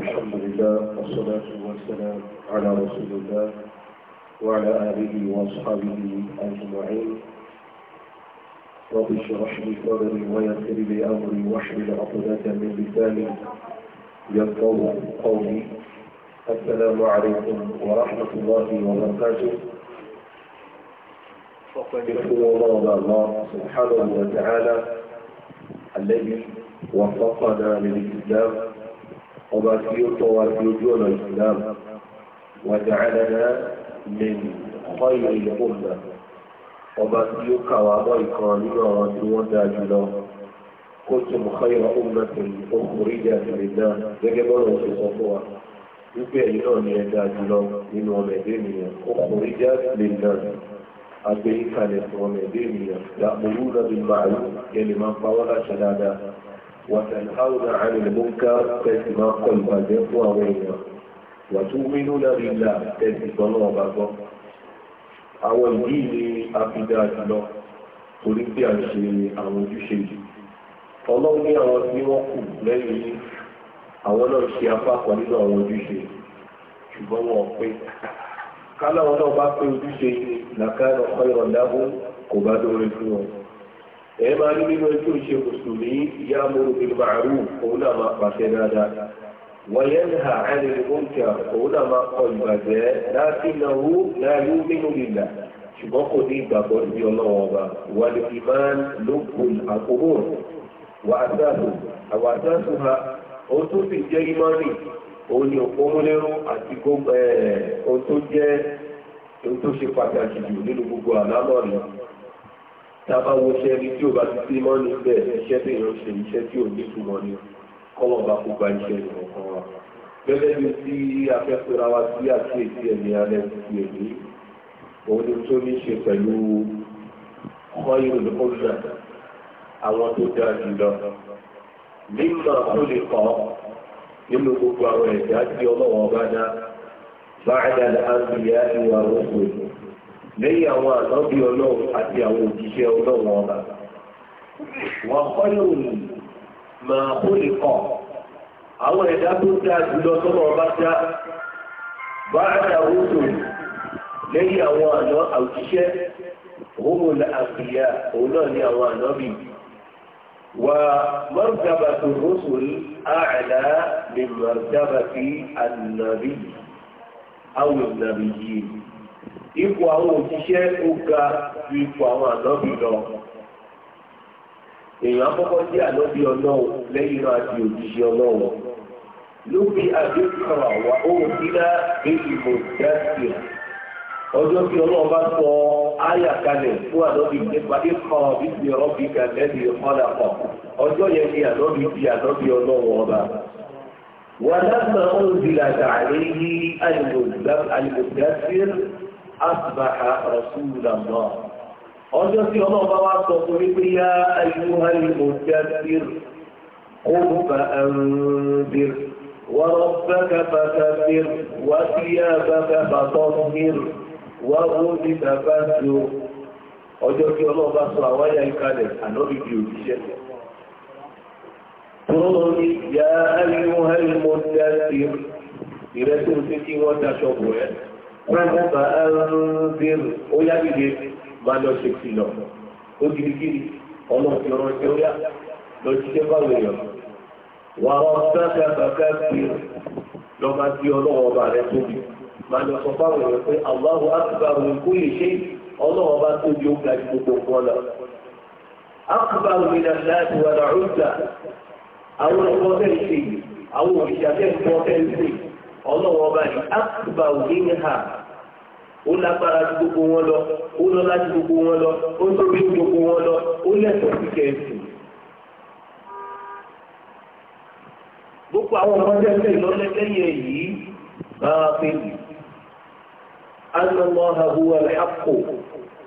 الحمد لله والصلاة والسلام على رسول الله وعلى آله وأصحابه أجمعين رب اشرح لي صدري ويسر لي أمري واحلل عقدة من لساني يفقه قولي السلام عليكم ورحمة الله وبركاته الله الله سبحانه وتعالى الذي وفقنا للإسلام ọba tí ó tọ́ wa sí ojú ọ̀nà islam wàjàdàdà lẹ́yìn ọkọ̀ ìlú ìlúkọ̀ọ̀dà ọba tí ó kà wá bọ́ ìkan nínú àwọn tí wọ́n dáa jùlọ kó tó mú káyọ̀ ọ̀húnmá tó ní ọkùnrin ìjà ìrìn náà gẹ́gẹ́ bọ́ọ̀rọ̀ ṣe sọ fún wa wípé ẹ̀yìn náà ni ẹ dáa jùlọ nínú ọmọ ẹ̀dẹ́ ènìyàn ọkùnrin ìjà ìrìn náà agbẹ́yìn kalẹ̀ fún ọmọ ẹ̀dẹ́ ènìyàn làmúrú lọ́dún màálù وتنهون عن المنكر كما قل بذيط وغيره وتؤمنون بالله كما قل بذيط àwọn ìdí ni a fi dáa jùlọ torí pé a ṣe àwọn ojúṣe yìí ọlọ́run ní àwọn tí wọ́n kù lẹ́yìn yìí àwọn náà ṣe apá nínú àwọn ojúṣe ṣùgbọ́n wọn pé káláwọn náà bá pé ojúṣe yìí làkàrọ̀ ọ̀yọ̀ ọ̀dáhùn kò bá dóore fún wọn ẹ máa ní nínú ẹjọ́ ìṣe mùsùlùmí ìyá mọ́rù bil ma'ruf òun náà máa pàṣẹ dáadáa wọ́yẹ́nìhà ẹnìyàn oúnjẹ òun náà máa kọ ìbàjẹ́ láti náwó láàyò nínú ìlà ṣùgbọ́n kò ní ìgbàgbọ́ ní ọlọ́wọ́ ọba wà ní ìmán lókun àkókò wà á tàbá wo iṣẹ́ rí tí ó bá ti sí mọ́nì bẹ́ẹ̀ iṣẹ́ tí èèyàn ṣe iṣẹ́ tí ò ní túmọ̀ ni kọ́lọ̀ bá kó gba iṣẹ́ ìwọ̀n wa. gẹ́gẹ́ bí tí afẹ́fẹ́ra wa sí àkíyèsí ẹ̀mí alẹ́ ti èmi òun ni tó ní ṣe pẹ̀lú ọyún olùkọ́nà àwọn tó dáa jùlọ. mímọ tó lè kọ́ nínú gbogbo àwọn ẹ̀dá tí ọlọ́wọ́ bá dá bá àdàlà àmì ìyá ìwà òṣèlú lẹ́yìn àwọn ànábì ọlọ́run àti àwọn òjíṣẹ́ ọlọ́run ọba. wọ́n kọ́ lóòrùn máa kó lè kọ̀ àwọn ẹ̀dá tó dáa jùlọ tọ́lọ́ ọba dá bá àdáwó tó lẹ́yìn àwọn àná àwòjíṣẹ́ òun àgbìyà òun náà ní àwọn ànábì wa martabatu rusul a'la min martabati an-nabi aw an-nabiyyin ipò àwọn òṣìṣẹ́ ó ga ju ipò àwọn ànábì lọ èèyàn àkọ́kọ́ jẹ́ ànábì ọlọ́run lẹ́yìn náà àti òṣìṣẹ́ ọlọ́run lóbi àdéhùn àwa òun nílá èyí mo dáàbì ọjọ́ tí ọlọ́run bá sọ kalẹ̀ fún ànábì nípa ikọ̀ ọjọ́ yẹn ni ànábì ànábì ọlọ́run ọba. wàlásà ó ń zìlà dàrí ní àlùmọ̀dáfíìr asbaha rasulullah ọjọ́ tí ọlọ́run bá wá sọ fún wípé yá ayyuhal muddaththir qum fa anzir wa rabbaka fakabbir wa thiyabaka fatahhir wa ghudika fahjur ọjọ́ tí ọlọ́run bá sọ àwọn ayá ìkalẹ̀ ànọ́bí bí òṣìṣẹ́ yá ayyuhal kọ́kọ́ bá ń bẹ̀rù ó yá dìde bá lọ ṣe kìlọ̀ ó kirikiri ọlọ́ọ̀tì ọ̀rọ̀ ṣe ó yá lọ ṣiṣẹ́ báwo èèyàn wà á sáfẹ́ kàkà sí lọ́ba tí ọlọ́wọ́ ọba rẹ tóbi máa lọ sọ báwo èèyàn pé Allahu akbar kó lè ṣe ọlọ́wọ́ ọba tóbi ó ga ju gbogbo nǹkan lọ. wà nà ọ̀dà àwọn ọ̀pọ̀ tẹ̀ àwọn òṣìṣẹ́ tẹ̀ ń pọ̀ tẹ̀ ń ṣe ọlọ́wọ́ ọba yìí akbar ó lágbára ju gbogbo wọn lọ ó lọ́lá ju gbogbo wọn lọ ó tóbi ju gbogbo wọn lọ ó lẹ́tọ̀ọ́ sí kẹ̀sì. gbogbo àwọn ọmọ tẹ́lẹ̀ lọ́lẹ́lẹ́yẹ yìí máa fi أن الله هو الحق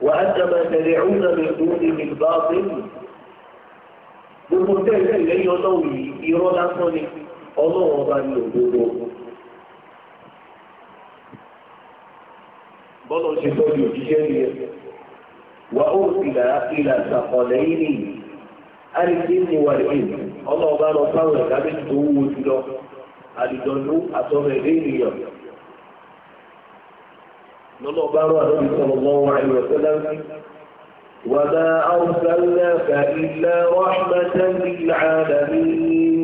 وأن ما تدعون من دونه الباطل gbogbo tẹ́lẹ̀ lẹ́yìn ọlọ́run yìí irọ́ lásán ni bọ́lá ṣe tọ́jú òjíṣẹ́ rí ẹ wà ó ìlà ìlà sàkọlẹ̀ yìí ni àrídé ni wà lè ọlọ́ọ̀bá lọ fáwọn ẹ̀dá méjì tó wúwo jùlọ àdìjọ́nú àtọ́rọ̀ ẹ̀dá ènìyàn lọ́lọ́ọ̀bá rọ àdóbi sọ̀rọ̀ lọ́wọ́ àìrọ̀sẹ́ lẹ́sìn وما أرسلناك إلا رحمة للعالمين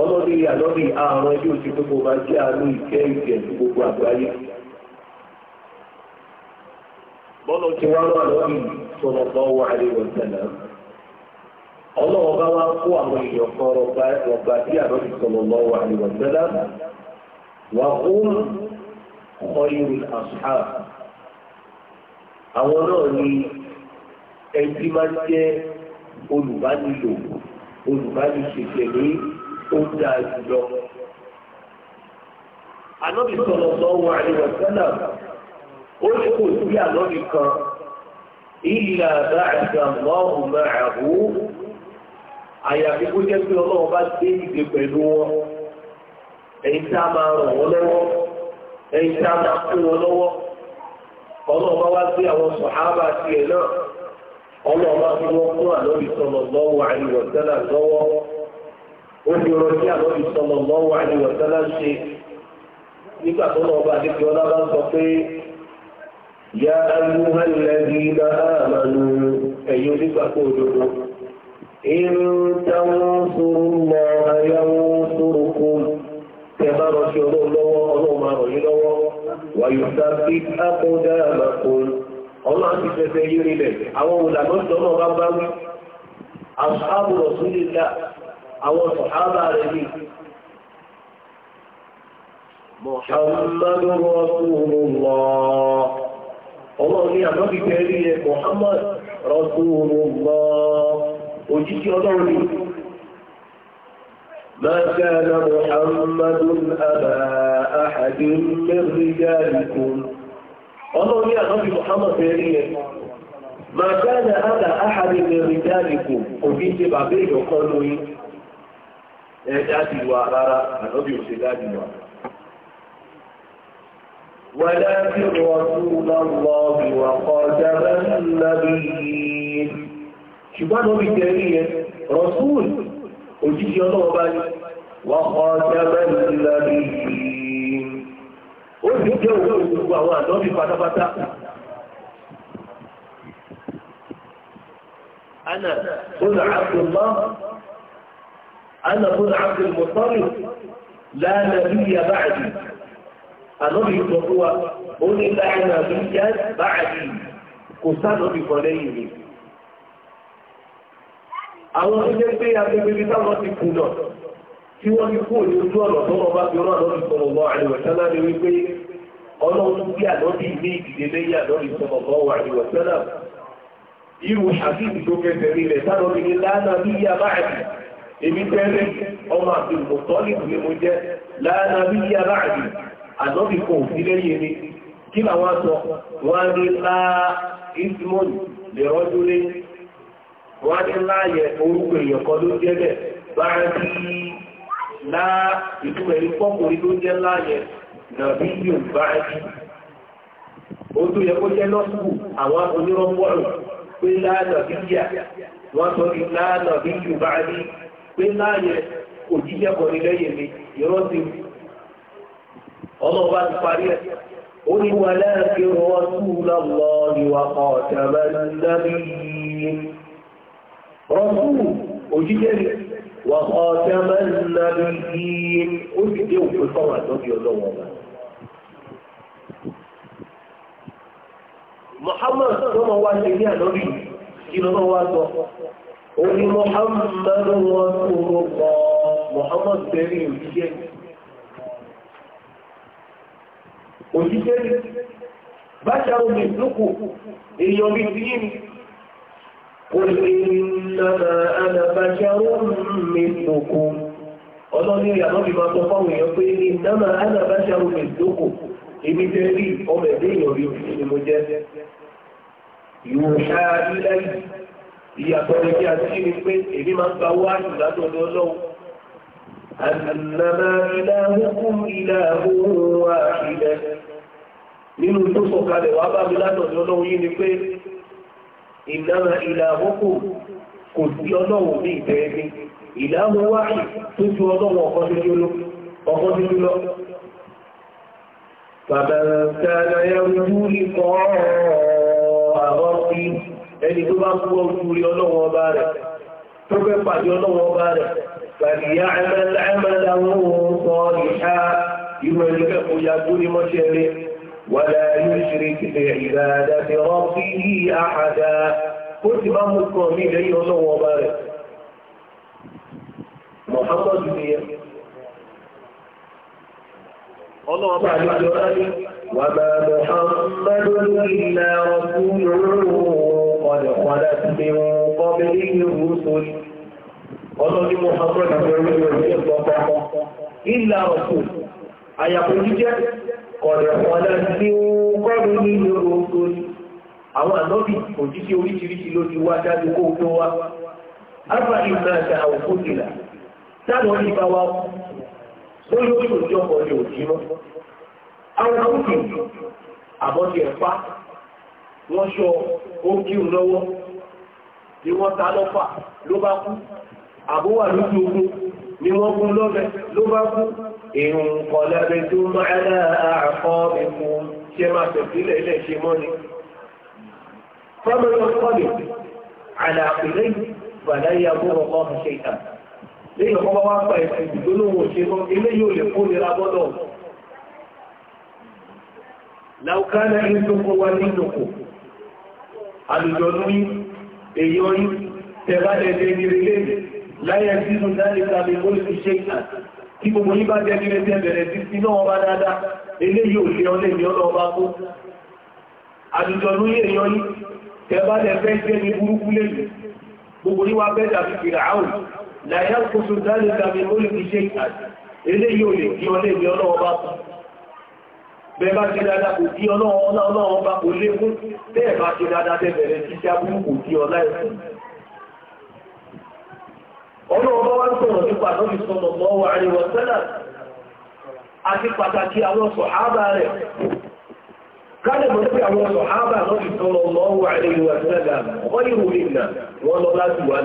ọlọ́dún yìí àlọ́dún àrùn ẹjọ́ ti gbogbo máa jẹ́ àánú ìkẹ́ ìkẹ́ gbogbo àgbáyé bọ́lá ti wá wà lórí sọ̀rọ̀ bá wà àríwọ̀ sẹ́lẹ̀. ọlọ́wọ́ bá wá kó àwọn èèyàn kan rọ̀gbà tí àròsì sọ̀rọ̀ bá wà àríwọ̀ sẹ́lẹ̀. wà ó kọ́yìn àṣà. àwọn náà ni ẹbí máa ń olùbánilò olùbánisètèlé ó dáa jùlọ. ànábì sọ̀rọ̀ bá wà àríwọ̀ sẹ́lẹ̀ ó ní kò sí àlọ́bì kan ìlà báyìí lọ́hùn máa hù àyàfi kó jẹ́ pé ọlọ́run bá gbé ìgbé pẹ̀lú wọn ẹ̀yin tá a máa ràn wọ́n lọ́wọ́ ẹ̀yin tá a máa fún wọn lọ́wọ́ ọlọ́run bá wá gbé àwọn sọ̀hábà tiẹ̀ náà ọlọ́run bá fi wọ́n fún àlọ́bì sọ̀rọ̀ lọ́wọ́ àìwọ̀sẹ́là lọ́wọ́ ó ní ọ̀rọ̀ tí àlọ́bì sọ̀rọ̀ lọ́wọ́ àìwọ̀sẹ́là ṣe nígbà tó lọ́ọ́ bá dé yá ayúhá lẹ́bí na àmàlú ẹ̀yọ́ nípa kó òdodo ìrìntàwọn sọ̀rọ̀ mọ́ ayáwó sọ̀rọ̀ kó tẹ́ bá rọ̀ sí ọlọ́run lọ́wọ́ ọlọ́run máa rọ̀ yín lọ́wọ́ wàyù sáfí ápọ́dá àmàkùn ọlọ́run ọlọ́run ní àmọ́ fífẹ́ rí ẹ Muhammad Rasulullah òjíṣẹ́ ọlọ́run ni ما كان محمد أبا أحد من رجالكم ọlọ́run ní àmọ́ fi Muhammad ما كان أبا أحد من رجالكم òbí ṣe bàbá ìyọ̀kọ́ lóyún ẹ̀dá ti wà rárá àlọ́bí òṣèlú àdìwà ولكن رسول الله وخاتم النبيين شبان هو بالدليل رسول وجيش الله بل وخاتم النبيين وفي الجو وهو النبي فتا فتا أنا بن عبد الله أنا بن عبد المطلب لا نبي بعدي ànọ́bì sọ onye wa ó ní láyé náà bí jẹ́ báyìí kò àwọn tó pé agbègbè bí táwọn ti kù náà tí wọ́n ti kú òní ojú ọ̀nà tó wọ́n bá fi rán ànọ́bì sọ̀rọ̀ lọ àríwọ̀sánà ni wípé ọlọ́run bí ànọ́bì ní ìdílé lẹ́yìn lọ àríwọ̀sánà irú àdìsí tó kẹsẹ̀ ànọ́bì kan ò sí lẹ́yìn mi kí làwọn sọ wọ́n ní lè rọ́jú lé wọ́n ní láàyè orúkọ èèyàn kan ló jẹ́ bẹ́ẹ̀ bá rí lá ìtumọ̀ pọ́kùnrin ló jẹ́ láàyè nàbí yóò bá rí ó tó yẹ kó jẹ́ lọ́sùkù àwọn onírọ́pọ̀rọ̀ pé láàdà bí yà wọ́n sọ ní ọlọ́run bá ti parí ẹ̀ ó ní wà lẹ́ẹ̀kẹ́ wọ́n tún lọ́wọ́ ni wà kọ́ ọ̀tẹ̀rẹ̀ lẹ́bí rọ́sùn òjíjẹ́ ni wà kọ́ ọ̀tẹ̀rẹ̀ lẹ́bí ó sì dé òpin fọ́wọ́ àtọ́bí ọlọ́wọ́ ọba. Muhammad tó mọ̀ wá ṣe ní àlọ́bí kí lọ́nà wá sọ ó ní Muhammad wọ́n tún lọ́wọ́ Muhammad bẹ̀rẹ̀ òjíjẹ́ ni òjíṣẹ́ báṣà omi lókò èèyàn bí ti yìí kò lè nàmà ànàbáṣà omi lókò ọlọ́ni ìyànà bí sọ fáwọn èèyàn pé ní nàmà ànàbáṣà omi lókò èmi jẹ́ rí ọmọ ẹ̀dẹ́ èèyàn bí òjíṣẹ́ ni mo jẹ́ yóò ṣáà ilẹ̀ ìyàtọ̀ ní kí a ti ṣe ni pé èmi máa ń gba owó àjùlá tó lọ́wọ́ أنما إلهكم إله واحد nínú tó sọ̀kalẹ̀ wà bá mi látọ̀dọ̀ ọlọ́run yìí ni pé ìnára ìlàmọ́kò kò sí ọlọ́run ní ìbẹ̀ẹ́ni ìlàmọ́ wáyé tó ju ọlọ́run ọkọ̀ sí lọ bàbàràtàrà ẹrùjú ikọ̀ àwọn fi ẹni tó فليعمل عمله صالحا يملك يقول مشرك ولا يشرك بعبادة ربه أحدا كنت بمكم إليه الله وبارك محمد بيه الله وبارك وما محمد إلا رسول قد خلت من قبله الرسل ọlọ́ni Muhammad àgbẹ̀rẹ̀ ìrìn ìpọ̀pọ̀ ìlà ọ̀pù àyàkùn jíjẹ́ kọ̀rẹ̀kọ̀ aláàdí kọ́rù ní ìlú orí àwọn ànọ́bì òjíṣẹ́ oríṣiríṣi ló ti wá dájú kó tó wá ápá ìgbà àti àwòkó tìlà táwọn ní bá wá ó yóò tó jọ kọ̀ ní òjì mọ́ àwọn kókè àbọ̀tì ẹ̀pá wọ́n ṣọ ó kí lọ́wọ́ ni wọ́n ta lọ́fà ló bá kú àbúwà lójú ogun ni wọ́n kú lọ́bẹ̀ ló bá kú ìrùn kọ̀lẹ́bẹ̀ tó máa àkọ́ ìmú ṣe máa tẹ̀sílẹ̀ ilẹ̀ ṣe mọ́ni. fọ́mọ̀lọ́ kọ́lẹ̀ àlàkùnrin gbàdáyà bọ́rọ̀ kọ́ ṣe ìta lẹ́yìn ọkọ̀ wá pa ẹ̀sìn ìgbónáwó ṣe mọ́ ilé yóò lè kó nira bọ́dọ̀ láwùkánà ìlúkọ wá nínúkò àlùjọ ní èyí ọyún tẹ̀lá láyé sínú dáríkà lè lórí ṣe kí gbogbo yí bá jẹ́ ní ẹgbẹ́ bẹ̀rẹ̀ sí sí náà bá dáadáa ilé yóò lè ọlẹ́ ní ọlọ́ ọba kó àdùjọ ló yẹ yọ yí tẹ́bá lẹ fẹ́ jẹ́ ní burúkú lẹ́yìn gbogbo yí wá fẹ́ tàbí fìrà lè lórí ṣe ilé yóò lè di ọlẹ́ ní ọlọ́ ọba kó bẹ́ẹ̀bá ti dáadáa kò tí ọlọ́run ọlọ́run kò lékún tẹ́ẹ̀bá ti ọlọ́ọ̀bá wá ń sọ̀rọ̀ nípa lórí sọ̀rọ̀ lọ́wọ́ àríwọ̀ sẹ́lá àti pàtàkì àwọn sọ̀hábà rẹ̀ kálẹ̀mọ̀ sí àwọn sọ̀hábà lórí sọ̀rọ̀ lọ́wọ́ àríwọ̀ sẹ́lá wọ́n wọ́n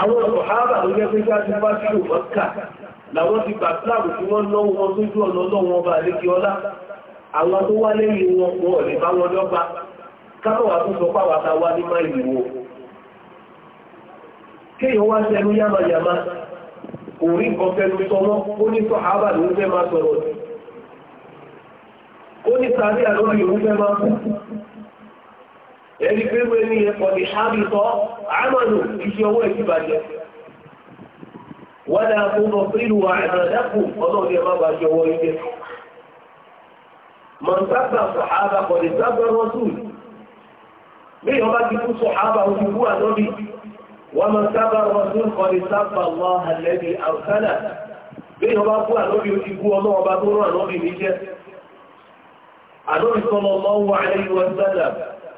àwọn ọ̀háàbà ló jẹ́ pé jáde bá ṣò mọ́kà làwọn ti gbà síláàmù tí wọ́n lọ́ wọn sójú ọ̀nà bá ọlá àwọn tó wá lẹ́yìn wọn wọn lè bá wọn lọ́gbà tó sọ pàwà ní máìlì sọ ẹni pé ihe ní ẹ̀kọ́ ní ṣáàbìtọ́ àmàlù iṣẹ́ owó ẹ̀sìn wọ́n dáa fún ọ̀pínlù àìmọ̀dákù ọlọ́ọ̀dẹ má bàa jọ ilé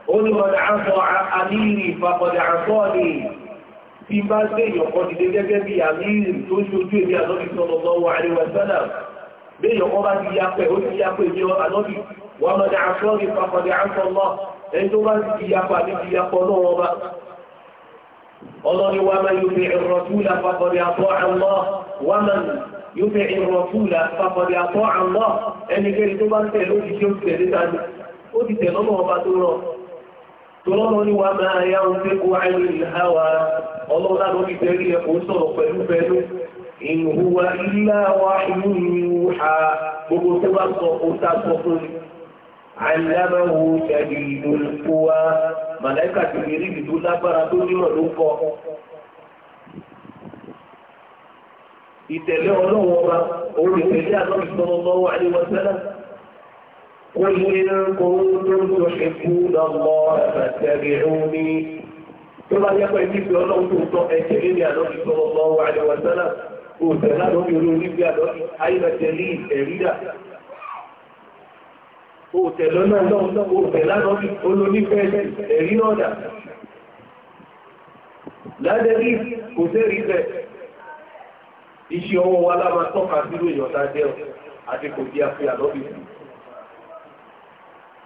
ó ní wọn àṣọ àmìrì fàkọ̀dà àṣọ ni tí bá ṣe ìyọ̀kọ́ dìde gẹ́gẹ́ bí àmìrì tó ṣojú èdè ànọ́bì sallallahu alaihi wasallam bí ìyọ̀kọ́ bá ti yapẹ̀ ó ti yapẹ̀ ní ànọ́bì wọn lọ́dà àṣọ ni fàkọ̀dà àṣọ lọ ẹni tó bá ti yapa ní ti yapọ̀ náà wọn bá tó bá tọ́lọ́rọ̀ ní wa máa yá ń fẹ́ kó àìrí ìhàwà ọlọ́lá ló fi tẹ́rí ẹ̀kọ́ sọ̀rọ̀ pẹ̀lú pẹ̀lú ìhùwà ilá wa inú ìhà gbogbo tó bá sọ ó sọ fún mi ọlọ́wọ́ wa orí ìtẹ̀lé àlọ́ ìsọ̀rọ̀ lọ́wọ́ قل إن كنتم تحبون الله فاتبعوني tó bá yẹ pé níbi ọlọ́run tó tọ́ ẹ̀jẹ̀ lórí àlọ́bí sọ̀rọ̀ lọ́wọ́ àdéwọ̀sánà òtẹ̀ lálọ́bí olórí bí àlọ́bí ayélujára ẹ̀rídà òtẹ̀ lọ́nà òtẹ̀ lálọ́bí olórí bẹ́ẹ̀ ẹ̀rí ọ̀dà ládẹ́rí kò sẹ́rí bẹ́ẹ̀ iṣẹ́ ọwọ́ wa lábàá tọ́ka sílò ìyọ̀tá jẹ́ àti kò bí a fi àlọ́bí sí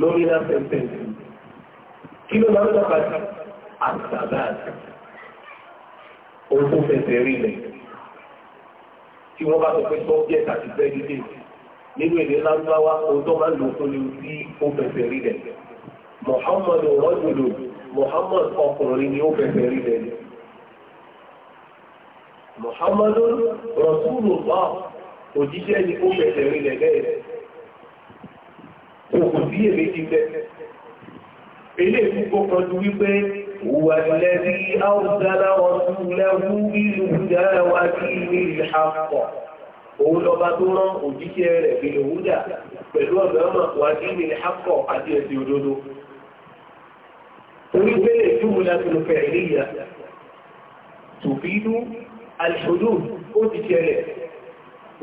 lórí láfẹ́fẹ́ kí ló máa ń tọ́ka sí àtàbáàtì ogun fẹsẹ̀ rí lẹ̀ tí wọ́n bá sọ pé subject àti predicate nínú èdè lágbáwá ohun tó máa ń lò fún ni sí ó fẹsẹ̀ rí lẹ̀ Muhammad rọ́jòlò Muhammad ọkùnrin ni ó fẹsẹ̀ rí lẹ̀ Muhammad Rasulullah òjíṣẹ́ ni ó fẹsẹ̀ rí lẹ̀ bẹ́ẹ̀ òkùn sí èmé ti bẹ́ ilé ìfúkọ́ kan ju wípé wà lẹ́rí áùdára ọdún lẹ́wú ìlú dára wá sí ilé ìhàpọ̀ òun lọba tó rán òjíṣẹ́ rẹ̀ bèèrè wúdà pẹ̀lú ọ̀dọ́ ọmọ wà sí ilé ìhàpọ̀ àti ẹ̀sìn òdodo torí pé lè túmù láti lọ fẹ̀ ìlú ìyá tòfínú alìṣòdò ó ti ṣẹlẹ̀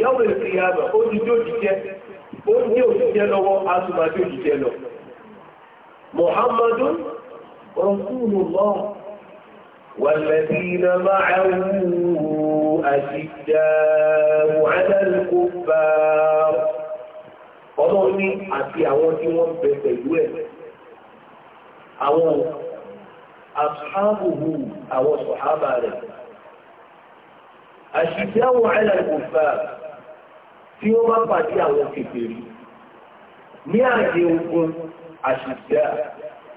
yọ́wọ́ èsì yàmà ó ti jó jíjẹ́ ó ní òjíjẹ́ lọ́wọ́ asùmájó jíjẹ́ lọ muhammadun rasulullah والذين معه أشداء على الكفار ọlọ́run ní àti àwọn tí wọ́n bẹ pẹ̀lú ẹ̀ àwọn àṣàbùhù tí ó bá pàdé àwọn kékeré ní àjẹ ogun àṣìṣẹ́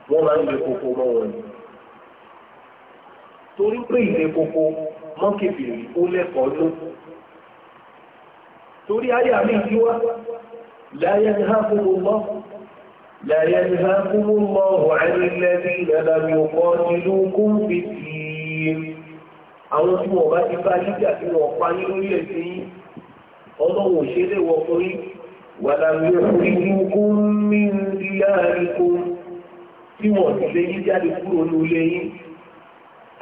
wọ́n máa ń lè mọ́ wọn torí pé ìlé ó lẹ́kọ̀ọ́ ló torí ayé àmì ìdíwá láyé ní mọ́ láyé ní kúrò mọ́ ọ̀rẹ́ ní ọkọ̀ nínú àwọn tí bá ti tí pa nínú ilé sí yìí ọlọ́run ṣe lè wọ fún yín wàlàmì òkúrìkún mi ń di àríkún tí wọ́n ti lè yí jáde kúrò ní ilé yín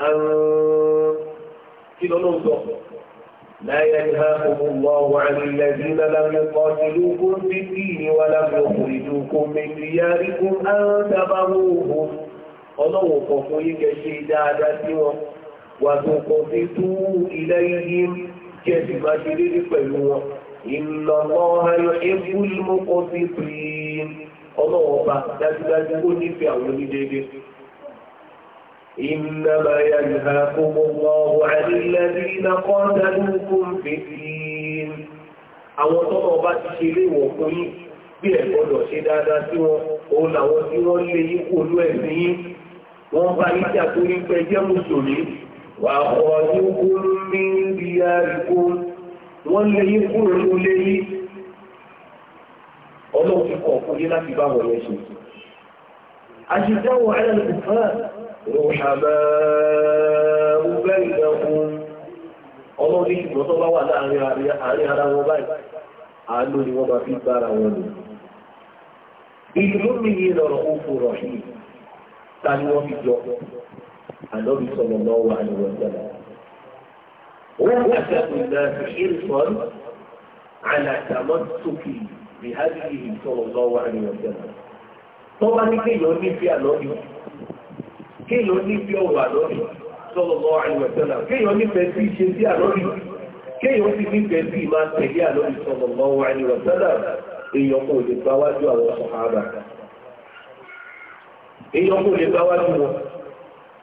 àrùn kí lọ́nà sọ. لا ينهاكم الله عن الذين لم يقاتلوكم في الدين ولم يخرجوكم من دياركم أن تبروهم ọlọ́wọ́ kọ̀ọ̀kan yìí kẹ́ ṣe dáadáa sí wọn wàtò kọ̀ọ̀kan tó ilẹ̀ yìí kí ẹ sì máa ṣe déédéé pẹ̀lú wọn ìlànà ayọ̀ ebú ló kọ́ sí pé ọlọ́wọ́ ọba dájúdájú ó nífẹ̀ẹ́ àwọn onídéédéé. إنما ينهاكم àwọn ti ṣe ilé fún yín bí gbọ́dọ̀ ṣe dáadáa sí wọn òun làwọn tí wọ́n lé yín kó lú ẹ̀sìn وأخرجوكم من دياركم وليكم إليه ọlọ́run ti kọ̀ wọn yẹn ṣe. bá wà ṣe ara wọn báyìí mi yìí lọ̀rọ̀ òfò ta ni wọ́n fi jọ. ànábi sọ̀rọ̀ náà wà ní wọ́sẹ̀lá. wọ́n wá sẹ́kùn náà sí ìrìsọ́n àlàtàmọ́ sókè bí hábìlì sọ̀rọ̀ náà wà ní wọ́sẹ̀lá. tó bá ní kéèyàn nífẹ̀ẹ́ ànábi kéèyàn nífẹ̀ẹ́ ọ̀rọ̀ ànábi sọ̀rọ̀ náà wà ní wọ́sẹ̀lá kéèyàn nífẹ̀ẹ́ sí ìṣe sí ànábi kéèyàn sì nífẹ̀ẹ́ sí ìmá tẹ̀lé ànábi sọ̀rọ̀ náà wà ní wọ́sẹ̀lá èèyàn kò lè gbáwájú àwọn sọ̀hábà èèyàn kò lè gbáwájú wọn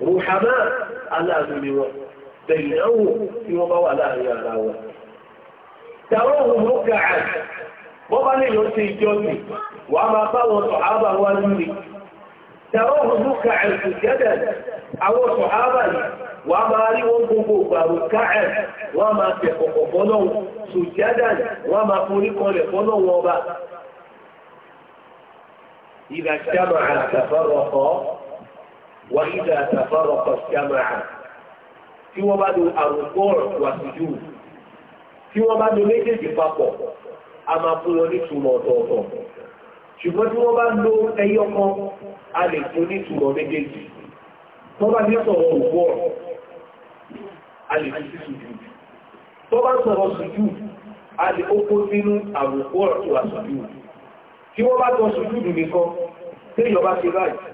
rúhàmá aláàánú wọn tẹ̀yìnáwó tí wọ́n bá wà láàrin ara wọn tàwọn ohun ló wọ́n bá lè lọ sí ìjọ wà máa bá wọn sọ̀hábà wá lórí tàwọn jẹ́dẹ̀ àwọn sọ̀hábà wà máa rí wọn gbogbo gbàrú ká máa tẹ̀ wọn وإذا تفرق الجماعة tí wọ́n bá lo àrùnkú ọ̀rọ̀ wà síjú tí wọ́n bá lo méjèèjì papọ̀ a máa fún wọn nítumọ̀ ọ̀tọ̀ọ̀tọ̀ ṣùgbọ́n tí wọ́n bá lo ẹyọ kan a lè fún nítumọ̀ méjèèjì tó bá ní sọ̀rọ̀ òkú ọ̀rọ̀ a lè fi síjú tó bá sọ̀rọ̀ síjú a lè kókó sínú àrùnkú ọ̀rọ̀ wà síjú tí wọ́n bá tọ́ síjú nìkan téèyàn bá ṣe báyìí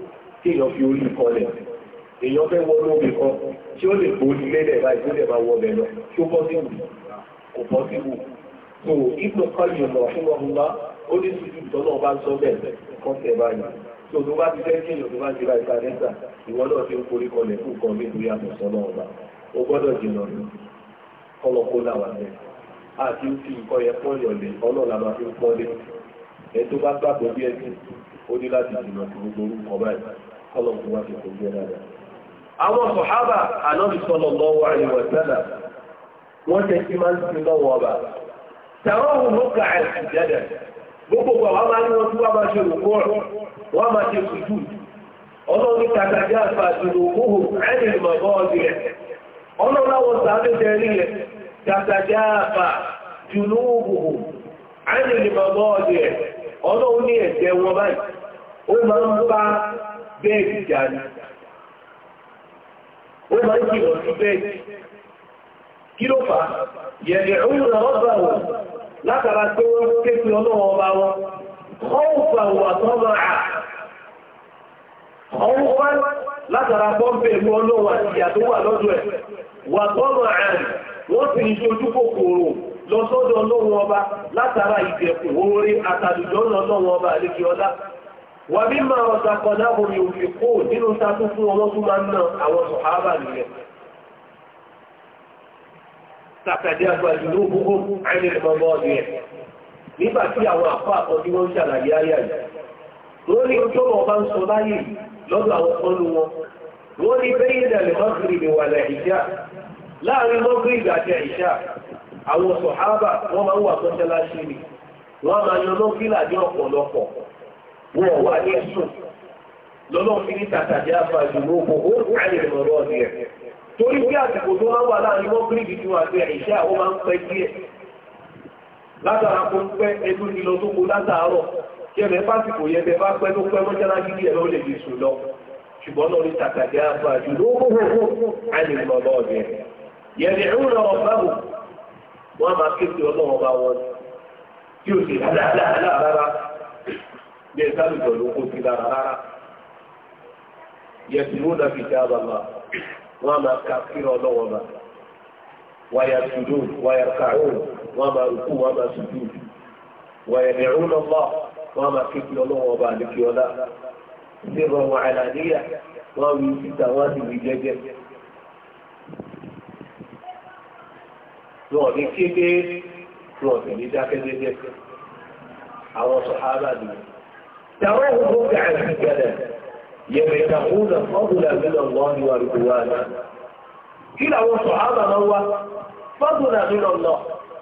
tí èèyàn fi orí ìkọlẹ̀ èèyàn fẹ́ wọ lóbi kan tí ó lè borí lẹ́lẹ̀ báyìí tó lè máa wọ bẹ̀ lọ tí ó bọ́ sí wù kò bọ́ sí wù so ìgbò kọlì ọ̀nà ṣùgbọ́nmọ́lá ó ní sùúrù tọ́nà bá ń sọ bẹ́ẹ̀ kọ́ tẹ̀ báyìí so tó bá ti fẹ́ kí èèyàn tó bá ti ra ìta lẹ́sà ìwọ náà ti ń forí kọlẹ̀ fún nǹkan mi lórí àtọ̀sọ́ náà ọba ó gbọ́dọ̀ jìnà ní kọ́lọ̀ kó là wà lẹ́ àti ń fi nǹkan yẹn pọ́n yàn lé ọlọ́ọ̀ la máa fi ń pọ́n lé ẹ tó bá gbàgbọ́ bí ẹ ti ó ní láti jìnà tó gbogbo orúkọ báyìí kọ́lọ̀ tó wá Àwọn sọ̀hábà ànábì sọ̀lọ̀ lọ́wọ́ àríwá sẹ́là wọ́n máa ń lọ́wọ́ ọba. ló jẹ́dẹ̀. Gbogbo wa máa tí wọ́n máa ṣe òkú ọ̀rọ̀, wọ́n máa ṣe kùtù. Ọlọ́run àfà bẹ́ẹ̀dì jáde ó máa ń kìlọ̀ sí bẹ́ẹ̀dì kí ló fà yẹ̀rẹ̀ òun náà ọ̀bà látara kéfì ọba wọn wọ́n ṣojú kòkòrò lọ sọ́dọ̀ ọba látara oore ọba wà bí máa ọ̀sà kan dáàbò òfin kó nínú sáfún fún ọmọ tó máa ń ná àwọn sọ̀hábà nìyẹn sàkàdé àgbàjú ló gbogbo àìní ìmọ̀mọ́ ọ̀dún yẹn nígbà tí àwọn àpá àkọ́jú wọn ṣàlàyé ayé àyè ní bá ń sọ láyè lọ́dọ̀ àwọn wọn ní wà àti àwọn wọ́n máa ń wà wọ́n wà ní sùn lọ́nà fi ní tàtàdé àfàjù ní oko ó ń kàlè lọ́rọ́ ọ̀dẹ̀ rẹ̀ torí bí àsìkò tó wọ́n wà láàrin wọ́n gírígì tí wọ́n àti àìṣẹ́ àwọn máa ń pẹ́ díẹ̀ látara kó ń pẹ́ ẹnu bí ẹ̀ka lùjọ ló kó sí lára rárá yẹtùrú náà fi dá bàbá wọn máa ka kíra ọlọ́wọ́ bá wáyà tùdú wáyà kàrún wọn máa rúkú wọn máa tùdú wáyà nìrún náà bá wọn máa ké kí ọlọ́wọ́ bá àdékè ọlá ṣé wọn wà àlàníyà wọn wí síta wọn sì wí jẹ́jẹ́. wọn ní kéde wọn sì ní dákẹ́jẹ́jẹ́ àwọn sọ̀hábà nìyẹn. تراه ركعا سجدا يبتغون فضلا من الله ورضوانا kila àwọn sọ̀hábà máa ń wá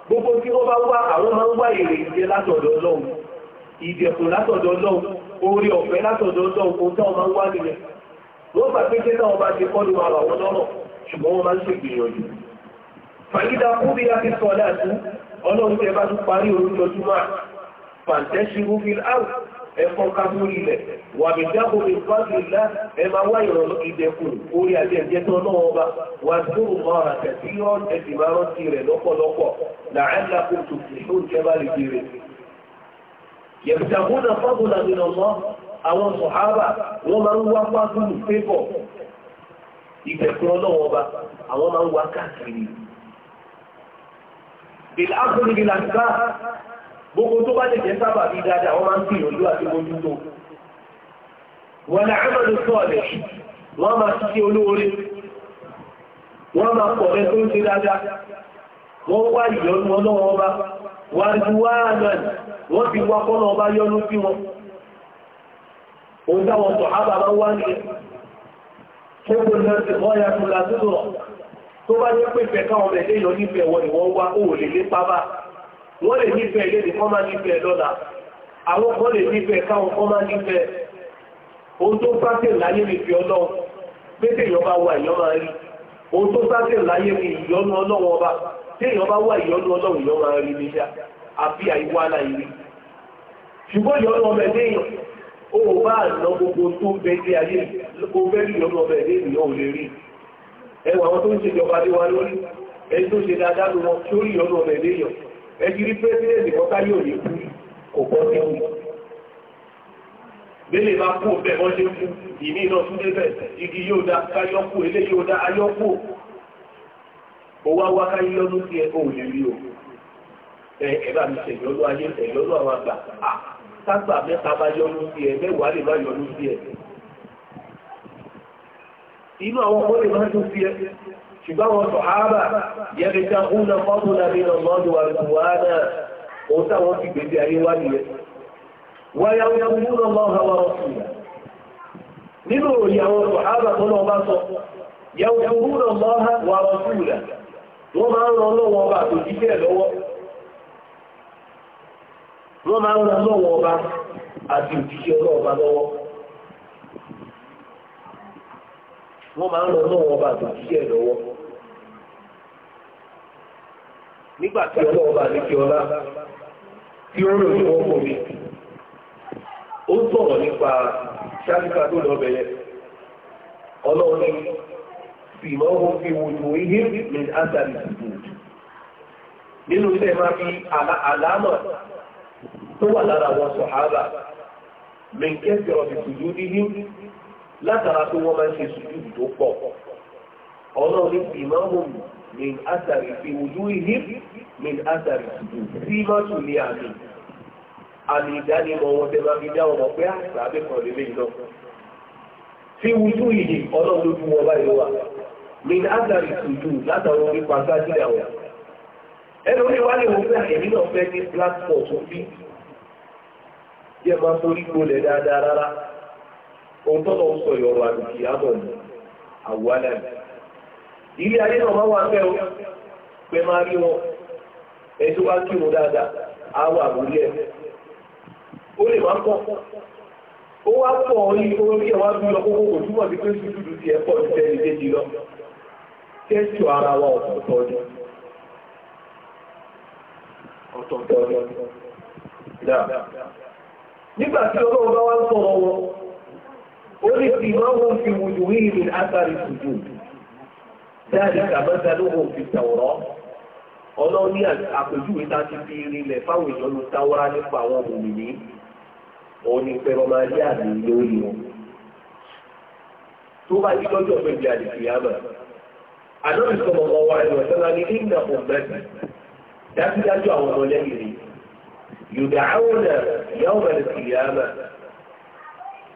gbogbo tí wọ́n bá wá àwọn máa ń wá èrè ìdè látọ̀dọ̀ ìdẹ̀kùn látọ̀dọ̀ orí ọ̀fẹ́ látọ̀dọ̀ kò tán máa ń wá nílẹ̀ wọ́n bá bá ti lọ́rọ̀ ṣùgbọ́n wọ́n máa ń ṣègbìyànjú fàyídà kúbi bá tún ẹ fọ́nká lórí ilẹ̀ wà mí dáko mi fáàlì ńlá ẹ máa wá ìrọ̀lọ́ ìdẹ̀kùn orí àti ẹ̀jẹ̀ tó náà ọba wà sóòrò máa rà tẹ̀sí yọ́n ẹ sì máa rántí rẹ̀ lọ́pọ̀lọpọ̀ làálà kò tó tó ń jẹba lè jèrè. yẹ̀bùtàkùnà fábùlà nínú ọmọ àwọn sọ̀hábà wọ́n máa ń wá fábùlù pépọ̀ ìdẹ̀kùn ọlọ́wọ́ ọba gbogbo tó bá lè jẹ́ sábà bí dáadáa wọ́n máa ń gbìyànjú àti mójútó wọ́n lè àmàlù sọ̀lẹ̀ wọ́n máa ti ṣe olóore wọ́n máa pọ̀ rẹ tó ń ṣe dáadáa wọ́n wá ìyọnu ọlọ́wọ́ ọba wà ju wá àgbà wọ́n ti wá kọ́nà ọba yọnu sí wọn òun táwọn sọ̀ ábà máa wá ní gbogbo náà ti wọ́n ya tó la tó bá jẹ́ pé ìfẹ́ káwọn ọmọ yọ nífẹ̀ẹ́ wọn ni wọ́n wá ó lè bá wọ́n lè nífẹ̀ẹ́ lédè kọ́ máa nífẹ̀ẹ́ lọ́la àwọn kan lè nífẹ̀ẹ́ káwọn kan máa nífẹ̀ẹ́ ohun tó sáṣẹ̀ láyé mi fi ọlọ́run pété èèyàn bá wà èèyàn máa rí ohun tó sáṣẹ̀ láyé mi ìyọnu ọlọ́run ọba tí èèyàn bá wà ìyọnu ọlọ́run èèyàn máa rí níṣà àfi àìwá láìrí ṣùgbọ́n ìyọnu ọmọ ẹ̀dẹ́ èèyàn ó bá àná gbogbo tó bẹ sí ayé kó fẹ́ rí ìyọnu ọmọ ẹ̀dẹ́ ò lè rí ẹwà àwọn tó ń ṣèjọba lé wa lórí ẹni tó ṣe dáadáa lọ sórí ìyọnu ọmọ ẹ̀dẹ́ ẹ̀jì rí pẹ́sidẹ́ntì kọ́tá yóò ní kú kò bọ́ sí kú lélè máa kú bẹ́ẹ̀ wọ́n ṣe kú ìní náà tún débẹ̀ igi yóò dá káyọ́kù ilé yóò dá ayọ́kù ó wá wá káyọ́nú sí ẹ kó lè rí o ẹ ẹ bá mi ṣe ìyọ́nú ayé ìyọ́nú àwọn àgbà à sábà mẹ́ta bá yọ́nú sí ẹ mẹ́wàá lè má yọ́nú sí ẹ inú àwọn ọmọ lè má yọ́nú sí ẹ ṣùgbọ́n wọn sọ̀hábà yẹ́rì tá ó na fọ́tò náà nínú mọ́tò wà lùwà náà òun táwọn ti gbèsè ayé wá nìyẹn. wáyà ń wọ́n máa ń lọ náà wọn bá àtòjíṣẹ́ lọ́wọ́ nígbà tí ọlọ́wọ́ bá ní kí ọlá tí ó rìn wọ́n kò ní ó sọ̀rọ̀ nípa ṣáàlùkà tó lọ bẹ̀rẹ̀ ọlọ́wọ́ ní fìmọ́ ohun fi wùdù ihe ní ásàlì ìdìbò nínú ilé máa fi àlámọ̀ látara pé wọ́n máa ń ṣe sùúrù tó pọ̀ ọlọ́run ní ìmáàmù min asari fi ojú ìhí min asari sí mọ́tò ní àmì àmì ìdánimọ̀ wọn tẹ́ máa fi dá wọn pé àṣà abẹ́kọ̀ọ́ lélẹ́yìn náà fi ojú ìhí ọlọ́run lójú wọn báyìí wà min asari tuntun látàwọn onípa sájìlẹ̀ àwọn ẹni orí wálé wọn pé àyẹ̀mí náà fẹ́ ní black spot bí jẹ́ ohun tó lọ́wọ́ sọ ìrọ̀rọ̀ àdùkì àbọ̀ ní àwòrán ilé ayé náà máa wà fẹ́ o pé máa rí wọn ẹni tó bá kírun dáadáa á wà O ẹ̀ ó lè má pọ̀ ó wá pọ̀ orí orí ẹ̀ wá bí lọ kókó ara wa ó ní في máa wọ́n fi wùdú yìí ní agbárí tuntun dáàrí kàmọ́sá ló wọ́n fi tàwọ̀rọ̀ ọlọ́run ní àpèjúwe tá a ti fi rinlẹ̀ fáwọn èèyàn ló táwọ́rá nípa àwọn òmìnirí òun ni pé ọmọ ayé àmì lórí wọn tó bá yí lọ́jọ́ pé àdìsí àmà àdóbi sọmọ ọmọ wa ẹni ọ̀sán ní ìnà ọ̀gbẹ́bí dájúdájú àwọn ọmọ lẹ́yìn rí yòdà àwọn náà yàwó mẹ́rin sí àmà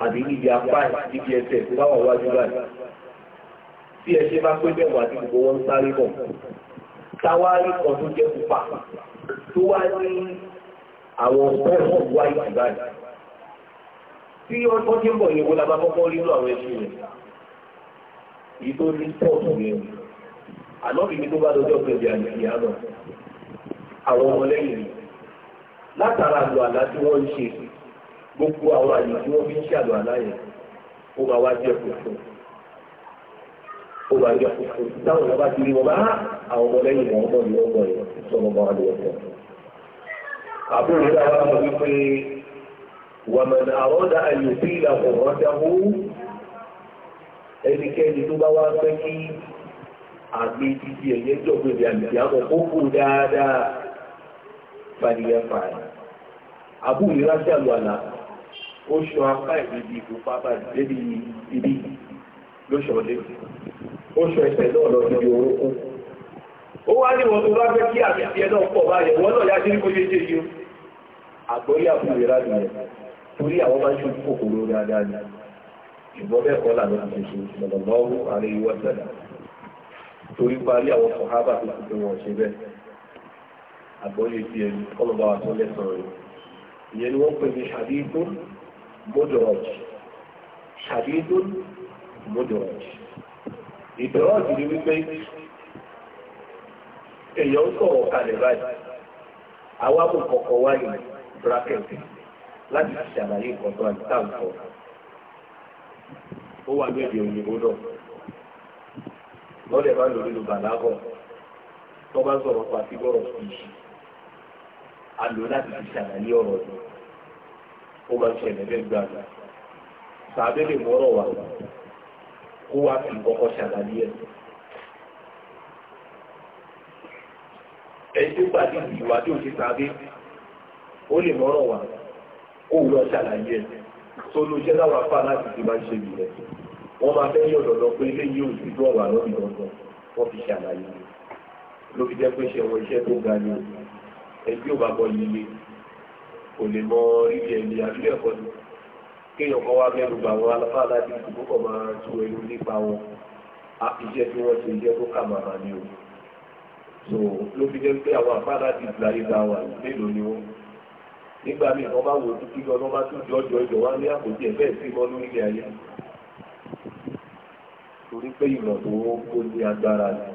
àbí níbi apá níbi ẹsẹ̀ tó bá wà wájú báyìí tí ẹṣẹ́ bá pé mẹ́wàá tí gbogbo wọn ń sáré bọ̀ táwárí kan tó jẹ́ pupa tó wá ní àwọn bọ́ọ̀lù wáyé báyìí tí ọjọ́ tí ń bọ̀ yẹn wo la bá kọ́kọ́ rí lọ àwọn ẹṣin yẹn èyí tó ní pọ́ọ̀tù yẹn ànọ́bì ní tó bá lọ́jọ́ pẹ̀lú àyẹ̀kì àwọn ọmọlẹ́yìn látara lọ àlá tí wọ́n ń ṣe gbogbo àwọn àyè tí wọ́n fi ń ṣàlọ́ aláyẹ̀ ó máa wá jẹ́ funfun ó máa táwọn ọba ti rí wọn bá àwọn ọmọ wọn mọ̀ ní ọgbọ̀n yẹn sọ̀rọ̀ máa lọ ọ̀tọ̀. àbúrò náà wá ọmọ wípé wàmọ̀n àrọ́dà àyè sí ìlànà ọ̀rọ̀dáwó ẹnikẹ́ni tó bá wá ó ṣọ apá ìdíbi ìfúnpá bá débi ibi lóṣọ̀ọ́dé ó ṣọ ẹsẹ̀ náà lọ síbi orúkún ó wá ní wọn tó bá fẹ́ kí àmì ìfẹ́ náà pọ̀ báyẹ̀ wọ́n náà yájú ní kó ṣe ṣe yìí àgbóyé àfúnlẹ̀ rádìí rẹ̀ torí àwọn máa ń ṣe kòkòrò dáadáa ni ṣùgbọ́n bẹ́ẹ̀ kọ́ làwọn ti ṣe ìṣẹ̀lọ̀lọ́wọ́ àrẹ ìwọ́ sẹ̀dá torí parí àwọn sọ̀hábà tó ti fi wọn ṣe bẹ́ẹ̀ àgbóyé ti ẹni kọ́lọ́bà wà tó lẹ́sàn rẹ̀ ìyẹn ni wọ́n pè ní ṣàdíkún مدرج حديث مدرج ìdọ́rọ̀jù ni wípé èèyàn ń sọ̀rọ̀ kalẹ̀ báyìí àwa mú kọ̀kọ̀ wá ní bracket láti ṣàlàyé ìkọ̀tọ̀ àti táǹkọ̀ ó wà lóde òyìnbó náà lọ́dẹ̀ máa ń lò nínú bàlágọ̀ tó bá ń sọ̀rọ̀ pa a lò láti fi ṣàlàyé ọ̀rọ̀ yìí ó máa ń ṣẹlẹ̀ lẹ́gbẹ̀ẹ́ àgbà sàbẹ lè mọ́rọ̀ wà kó wá fi kọ́kọ́ ṣàlàyé ẹ̀. ẹni tó gbàdí ìwà tí ò ti sàbẹ ó lè mọ́rọ̀ wà kó wúlọ ṣàlàyé ẹ̀ tó ló jẹ́ láwọn afá láti fi máa ń ṣe ìrẹ̀ wọ́n máa fẹ́ yọ̀ lọ́dọ̀ pé eléyìí ò sí tó ọ̀wà lọ́bì lọ́dọ̀ wọ́n fi ṣàlàyé ló fi jẹ́ pé ṣe wọ iṣẹ́ tó ga ni ẹbí ò bá bọ́ yìí kò lè mọ ilé ẹ̀mí àbílẹ̀ ẹ̀kọ́ ni kéèyàn kan wá mẹ́nu gbà wọn aláfáà láti ìdìbò kan máa tú ẹnu nípa wọn iṣẹ́ tí wọ́n ṣe jẹ́ kó kà màmá ni o so ló fi jẹ́ pé àwọn àfáà láti ìgbà ìgbà wà mélòó ni wọ́n nígbà míì wọ́n bá wo títí lọ bá tún jọ jọ ìjọ wá ní àpòtí ẹ̀fẹ́ sí mọ́ lórí ayé torí pé ìmọ̀ tó kó ní agbára ni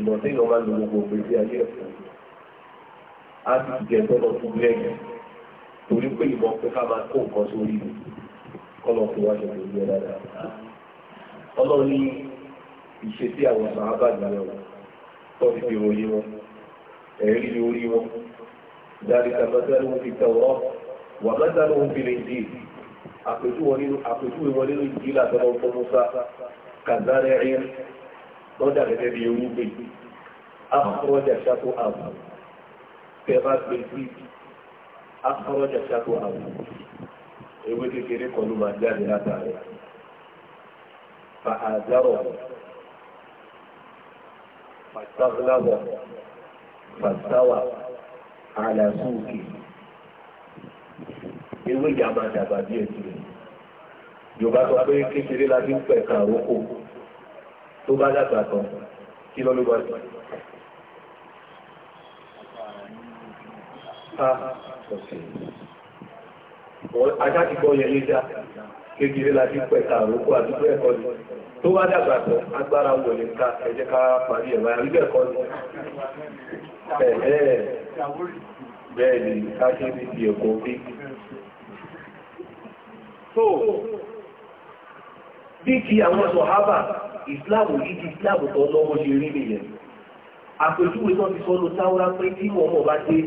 ìmọ̀ tí ìyọ̀ máa lo gbogbo ògbésí ayé ẹ̀fọ́ á sì jẹ́ tọ́lọ́ fún lẹ́yìn torí pé ìbọn kó ká máa kó nǹkan sórí mi kọ́lọ̀ fún wáṣọ tó gbé dáadáa. ọlọ́run ní ìṣe sí àwọn sàábà ìgbàlẹ̀ wọn tó fi ìròyìn wọn ẹ̀rí orí wọn dárí kàmọ́tẹ́lú fi tẹ̀wọ́ wà mẹ́tẹ́lú fi lè dì àpèjúwe wọn nínú ìjìlá tọ́lọ́ fún Musa kàdárẹ́ rí lọ́dà gẹ́gẹ́ bí ewúgbè. Akọ̀rọ̀jà ṣàkó àbù tẹ́ bá gbé sí akọ́rọ́jà ṣàkó ahụ ewé kékeré kan ló máa jáde látàrí fàhàdárọ̀ fàtàbùlábọ̀ fàtàwà àlàsùnkì ewé ìyá máa dàgbà bí ẹtì rẹ̀ yorùbá sọ pé kékeré la fi ń pẹ̀ka àrókò tó bá dàgbà tán kí lọ́lọ́gbà ajá ti gbọ́ yẹn lédà kékeré la ti pẹ̀ta àrókò àdúgbò ẹ̀kọ́ ni tó bá dàgbà tán agbára wọlé ká ẹ jẹ́ ká parí ẹ̀wà àrígbẹ̀ ẹ̀kọ́ ni ẹ̀ẹ́ bẹ́ẹ̀ ni ká ṣe ní ti ẹ̀kọ́ bí so bí kí àwọn sọ̀hábà ìsìláàmù yìí ti ìsìláàmù tó lọ́wọ́ ṣe rí nìyẹn àpèjúwe náà ti sọ́nu táwọn pé tí wọ́n mọ̀ bá dé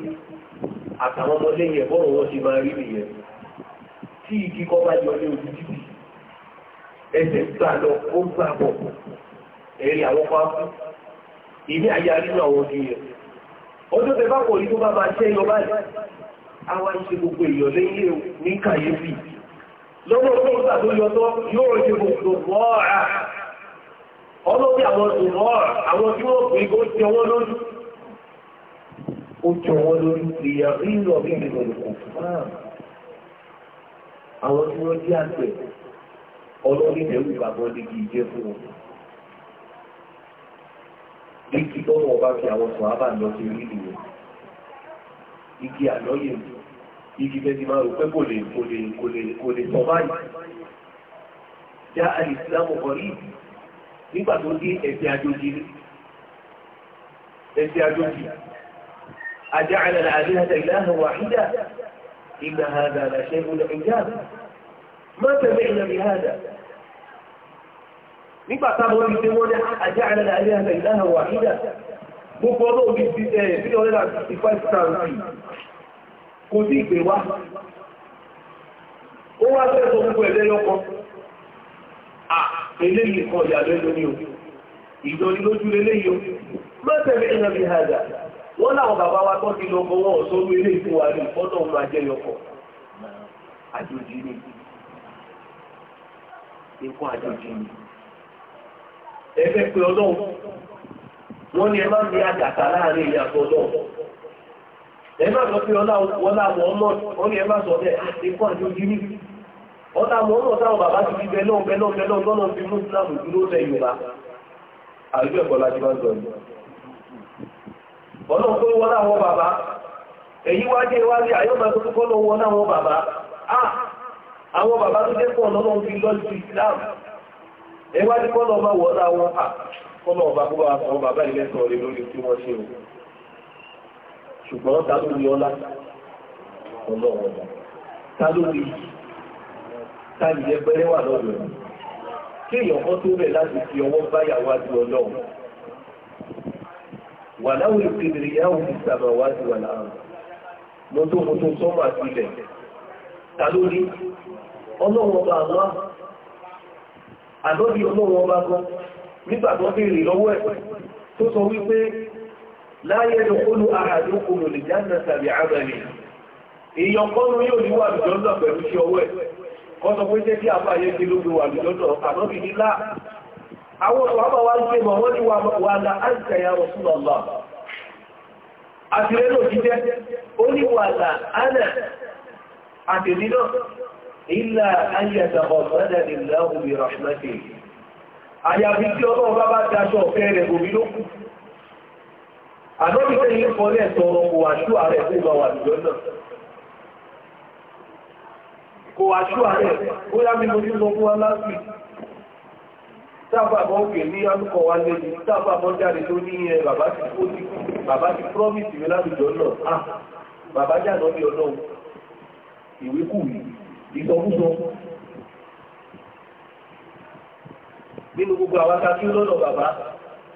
àtàwọn ọmọdé yẹn bọ́rọ̀ wọn ti máa rí nìyẹn tí igi kọ́ bá yọ ní ojú títì ẹsẹ̀ gbà lọ ó gbà bọ̀ ẹ̀rí àwọn kan fún ilé ayé nínú àwọn ojú yẹn ọjọ́ tẹ bá pọ̀ yìí tó bá máa ṣẹ́ yọ báyìí àwa ìṣe gbogbo èèyàn lẹ́yìn ní kàyéfì lọ́wọ́ tó ń tó yọ tọ́ yóò ṣe gbogbo mọ́ọ̀rà ọlọ́bí àwọn tòmọ́ọ̀rà àwọn tí wọ́n pè é kó ti ọwọ́ lójú ó jọ wọ́n àwọn tí wọ́n jẹ́ àgbẹ̀ ọlọ́rin ẹ̀rù bàbọ̀ jẹ́ fún wọn igi tọ́wọ́ ọba fi sọ lọ sí orí ìlú igi igi tẹ́tí máa rò pé kò lè kò lè kò lè kò lè sọ báyìí já أجعل الآلهة إلها واحدة إن هذا لشيء عجاب ما سمعنا بهذا nígbà táwọn ibi tí wọ́n ní àjẹ́ àrẹ́lẹ̀ àríyànlẹ̀ ìlànà wà nílẹ̀ gbogbo ọdún omi ti ẹ̀ bí ọlẹ́lá 55,000 kò sí ìpè wá ó wá fẹ́ sọ ẹ̀lẹ́ lọ́kọ́ à eléyìí kan ìyàlẹ́ wọ́n láwọn bàbá wa tó ti lọ fọwọ́ sórí ilé ìfún wa ní ìfọ́tọ̀ máa jẹ́ ni àjòjì ni ẹgbẹ́ pé ọlọ́run wọ́n ní ẹ má ní àjàkà láàrin ìyàtọ̀ ọlọ́run ẹ má sọ pé ni táwọn bàbá ti fi bẹ́ẹ̀ náà bẹ́ẹ̀ náà bẹ́ẹ̀ náà fi mú dúró ọlọ́run tó wọ́n láwọn bàbá èyí wá jẹ́ wá rí àyọ́bà tó kọ́ lọ wọ́n láwọn bàbá àwọn bàbá tó jẹ́ pọ̀ lọ́nà fi lọ sí Islam ẹwà ní kọ́ lọ máa wọ́n láwọn à kọ́ lọ bàbá bá àwọn bàbá ilẹ̀ sọ rẹ lórí tí wọ́n ṣe o ṣùgbọ́n ta ló rí ọlá ọlọ́wọ́ ta ló rí ta ìyẹn pẹ́rẹ́ wà lọ́dọ̀ kí èèyàn kan tó rẹ̀ láti fi ọwọ́ báyàwó àti ọlọ́run wàláwù ìkìbìrìyàwó ìsàmàwájú wà láàrùn mọ́tòmọ́tò sọ́mà sílẹ̀ ta lórí ọlọ́wọ́n bá wá àdọ́bí ọlọ́wọ́n ọba gbọ́ nígbàtọ́ béèrè lọ́wọ́ ẹ̀ tó sọ wípé láyé lè jáde tàbí àbẹ̀lẹ̀ èèyàn yóò ní wà pẹ̀lú sí ọwọ́ ẹ̀ kọ́ sọ pé jẹ́ kí àbáyé ló wà nílá àwọn ọ̀pọ̀ wá ń pè mọ̀ wọ́n ni wà lá àǹkà ya Rasulullah àtìrẹ́ lò jíjẹ́ ó ní wà lá ánà àtìrí náà ilá ayẹta ọ̀mọ́dà nílá omi rahmati àyàfi tí ọmọ ọba bá dáṣọ ọ̀fẹ́ rẹ̀ omi ló kò wà lùjọ náà ó yá mi mo ní lọ fún wa tábàbọ̀ òkè ní alùkọ̀ wa lẹ́nu tábàbọ̀ jáde tó ní ẹ eh, bàbá ti kó ti bàbá ti promise mi láwùjọ náà ah bàbá jáde ọdí ọlọ́run ìwé kù ìsọkúsọ nínú gbogbo àwọn akáki lọ́dọ̀ bàbá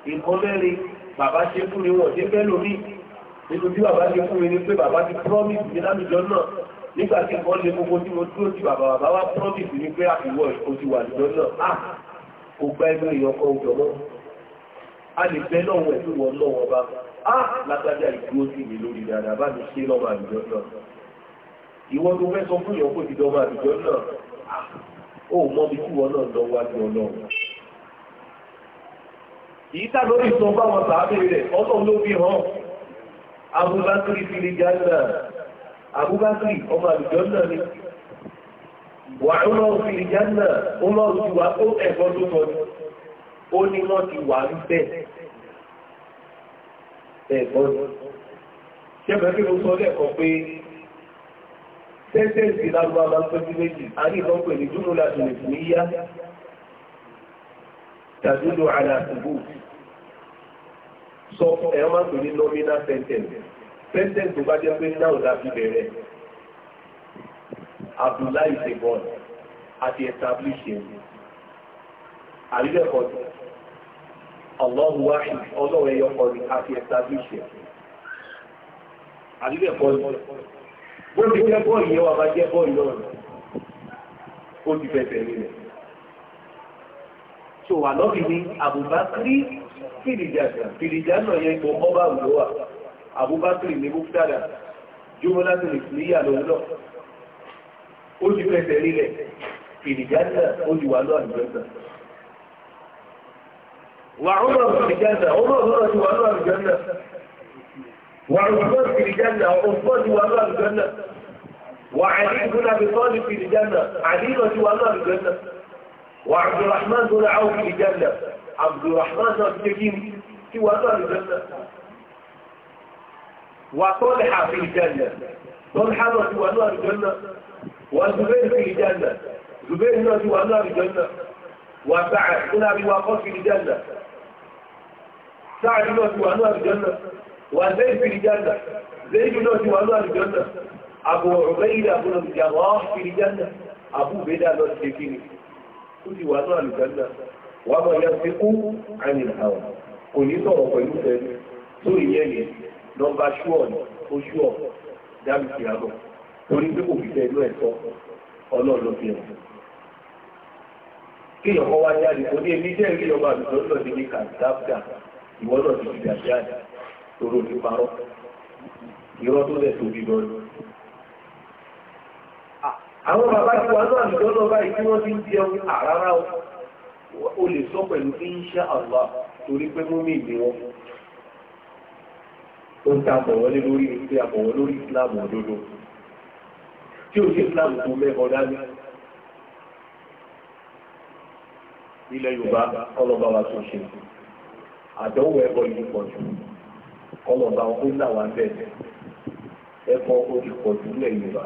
nǹkan mẹ́rin bàbá ṣe fún mi wọ̀n ṣe fẹ́ lómi nínú bí bàbá ṣe fún mi ni pé bàbá ti promise mi láwùjọ náà nígbà tí nǹkan lè gbogbo tí mo dúró ti bàbá bàbá wa promise mi pé àfiwọ́ ah, ìkó ti wà lọ́dọ̀ náà ah kò gbá inú ìyọkọ̀ òjọ̀lọ́ a lè bẹ́ lọ́wọ́ ẹ̀bí wọn lọ́wọ́ bá a lágbájá ìdúró sí mi lórí dáadáa bá mi ṣe lọ́wọ́ àdìjọ́ náà ìwọ tó fẹ́ sọ fún ìyọkọ̀ ìdìjọba àdìjọ́ náà ó mọ bí tí wọn náà lọ́wọ́ àti ọlọ́run yìí tá lórí sọ bá wọn sàábé rẹ̀ ọlọ́run ló fi hàn Abubakar fi lè jáde náà Abubakar ọmọ àdìjọ́ náà ni wà ọlọ́run fi ìjánà ọlọ́run ti wà ó ẹ̀fọ́ tó sọ ní ó ní wọ́n ti wà ń bẹ̀ ẹ̀fọ́ ní. ṣẹ́fẹ̀ kí ló sọ lẹ́kọ̀ọ́ pé lágbo méjì dúró láti lè fún yíyá sọ ẹ̀rọ máa pè ní Abdullahi Segon àti establish ẹ̀ àrílẹ̀kọ́ ni Allahu wahid ọlọ́wọ́ ẹyọ kọ́ ni àti establish ẹ̀ àrílẹ̀kọ́ ni bó ti jẹ́ bọ́ọ̀lù yẹn wà bá jẹ́ bọ́ọ̀lù náà ó ti fẹsẹ̀ nílẹ̀ tó wà lọ́bì ní Abubakri fìdíjàdà fìdíjàdà yẹn kò ọba àwùjọ wà ní bukdada jùmọ́lá tó lè fi níyà ó ti fẹsẹ̀ nílẹ̀ fìdíjáńdà ó ti wà lọ́wọ́ àlùjọ́sà. wà á rọ̀ fìdíjáńdà ó rọ̀ lọ́wọ́ ti wà lọ́wọ́ àlùjọ́sà. wà á rọ̀ fìdíjáńdà ó fọ́ ti wà lọ́wọ́ àlùjọ́sà. wà á ní ìdúnà bí tọ́lì fìdíjáńdà àdínà ti wà lọ́wọ́ àlùjọ́sà. wà á Abdulrahman tó ra áwọ̀ fìdíjáńdà Abdulrahman náà ti kí ti wà lọ́wọ́ àlùjọ́sà. wà á tọ́lẹ̀ àfìdíjáńdà tọ́lẹ̀ wọ́n zubairu fi ìjànà zubairu náà ti wà ní àlùjànnà wà sáà nínú àbí wà kọ́ fi ìjànà sáà nínú àti wà ní àlùjànnà wà lẹ́yìn fi ìjànà lẹ́yìn náà ti wà ní àlùjànnà àbò ọ̀rẹ́yìn àbúrò ìjàmọ́ fi ìjànà àbú ìbédà lọ sí kí ó ti wà ní àlùjànnà wà máa yẹ fi kú àmì àwọn kò ní sọ̀rọ̀ pẹ̀lú fẹ́ẹ́ tó ìyẹn yẹn nọmba ṣúọ̀ ni ó ṣúọ̀ dábìsì àbọ̀ torí pé kò fi tẹ̀lú ẹ̀tọ́ ọlọ́ọ̀lọ́ fi hàn. kí ọkọ wá jáde kò ní ebi jẹ́ ìrí ọba àbùsọ̀ lọ sí ní kàdáfíà ìwọ náà ti fìdí àti àdá tóró ti parọ́ irọ́ tó lẹ̀ tóbi lọ́rọ̀. àwọn bàbá ti wà náà àbùsọ̀ náà báyìí tí wọ́n ti ń jẹun àrárá o lè sọ pẹ̀lú insha Allah torí pé mú mi ìdíwọ́ ó ń ta àbọ̀wọ́lé lórí ìgbé àbọ̀wọ́ lórí ìsìláàmù òdodo. tí ò ní Islam kò mẹ́bọ dání. ilẹ̀ Yorùbá kọlọ́ba wa tó ṣe àdánwò ẹ̀kọ́ yìí pọ̀ jù kọlọ́ba ó là wá bẹ́ẹ̀ ẹ̀kọ́ ó ti pọ̀ jù lẹ̀ Yorùbá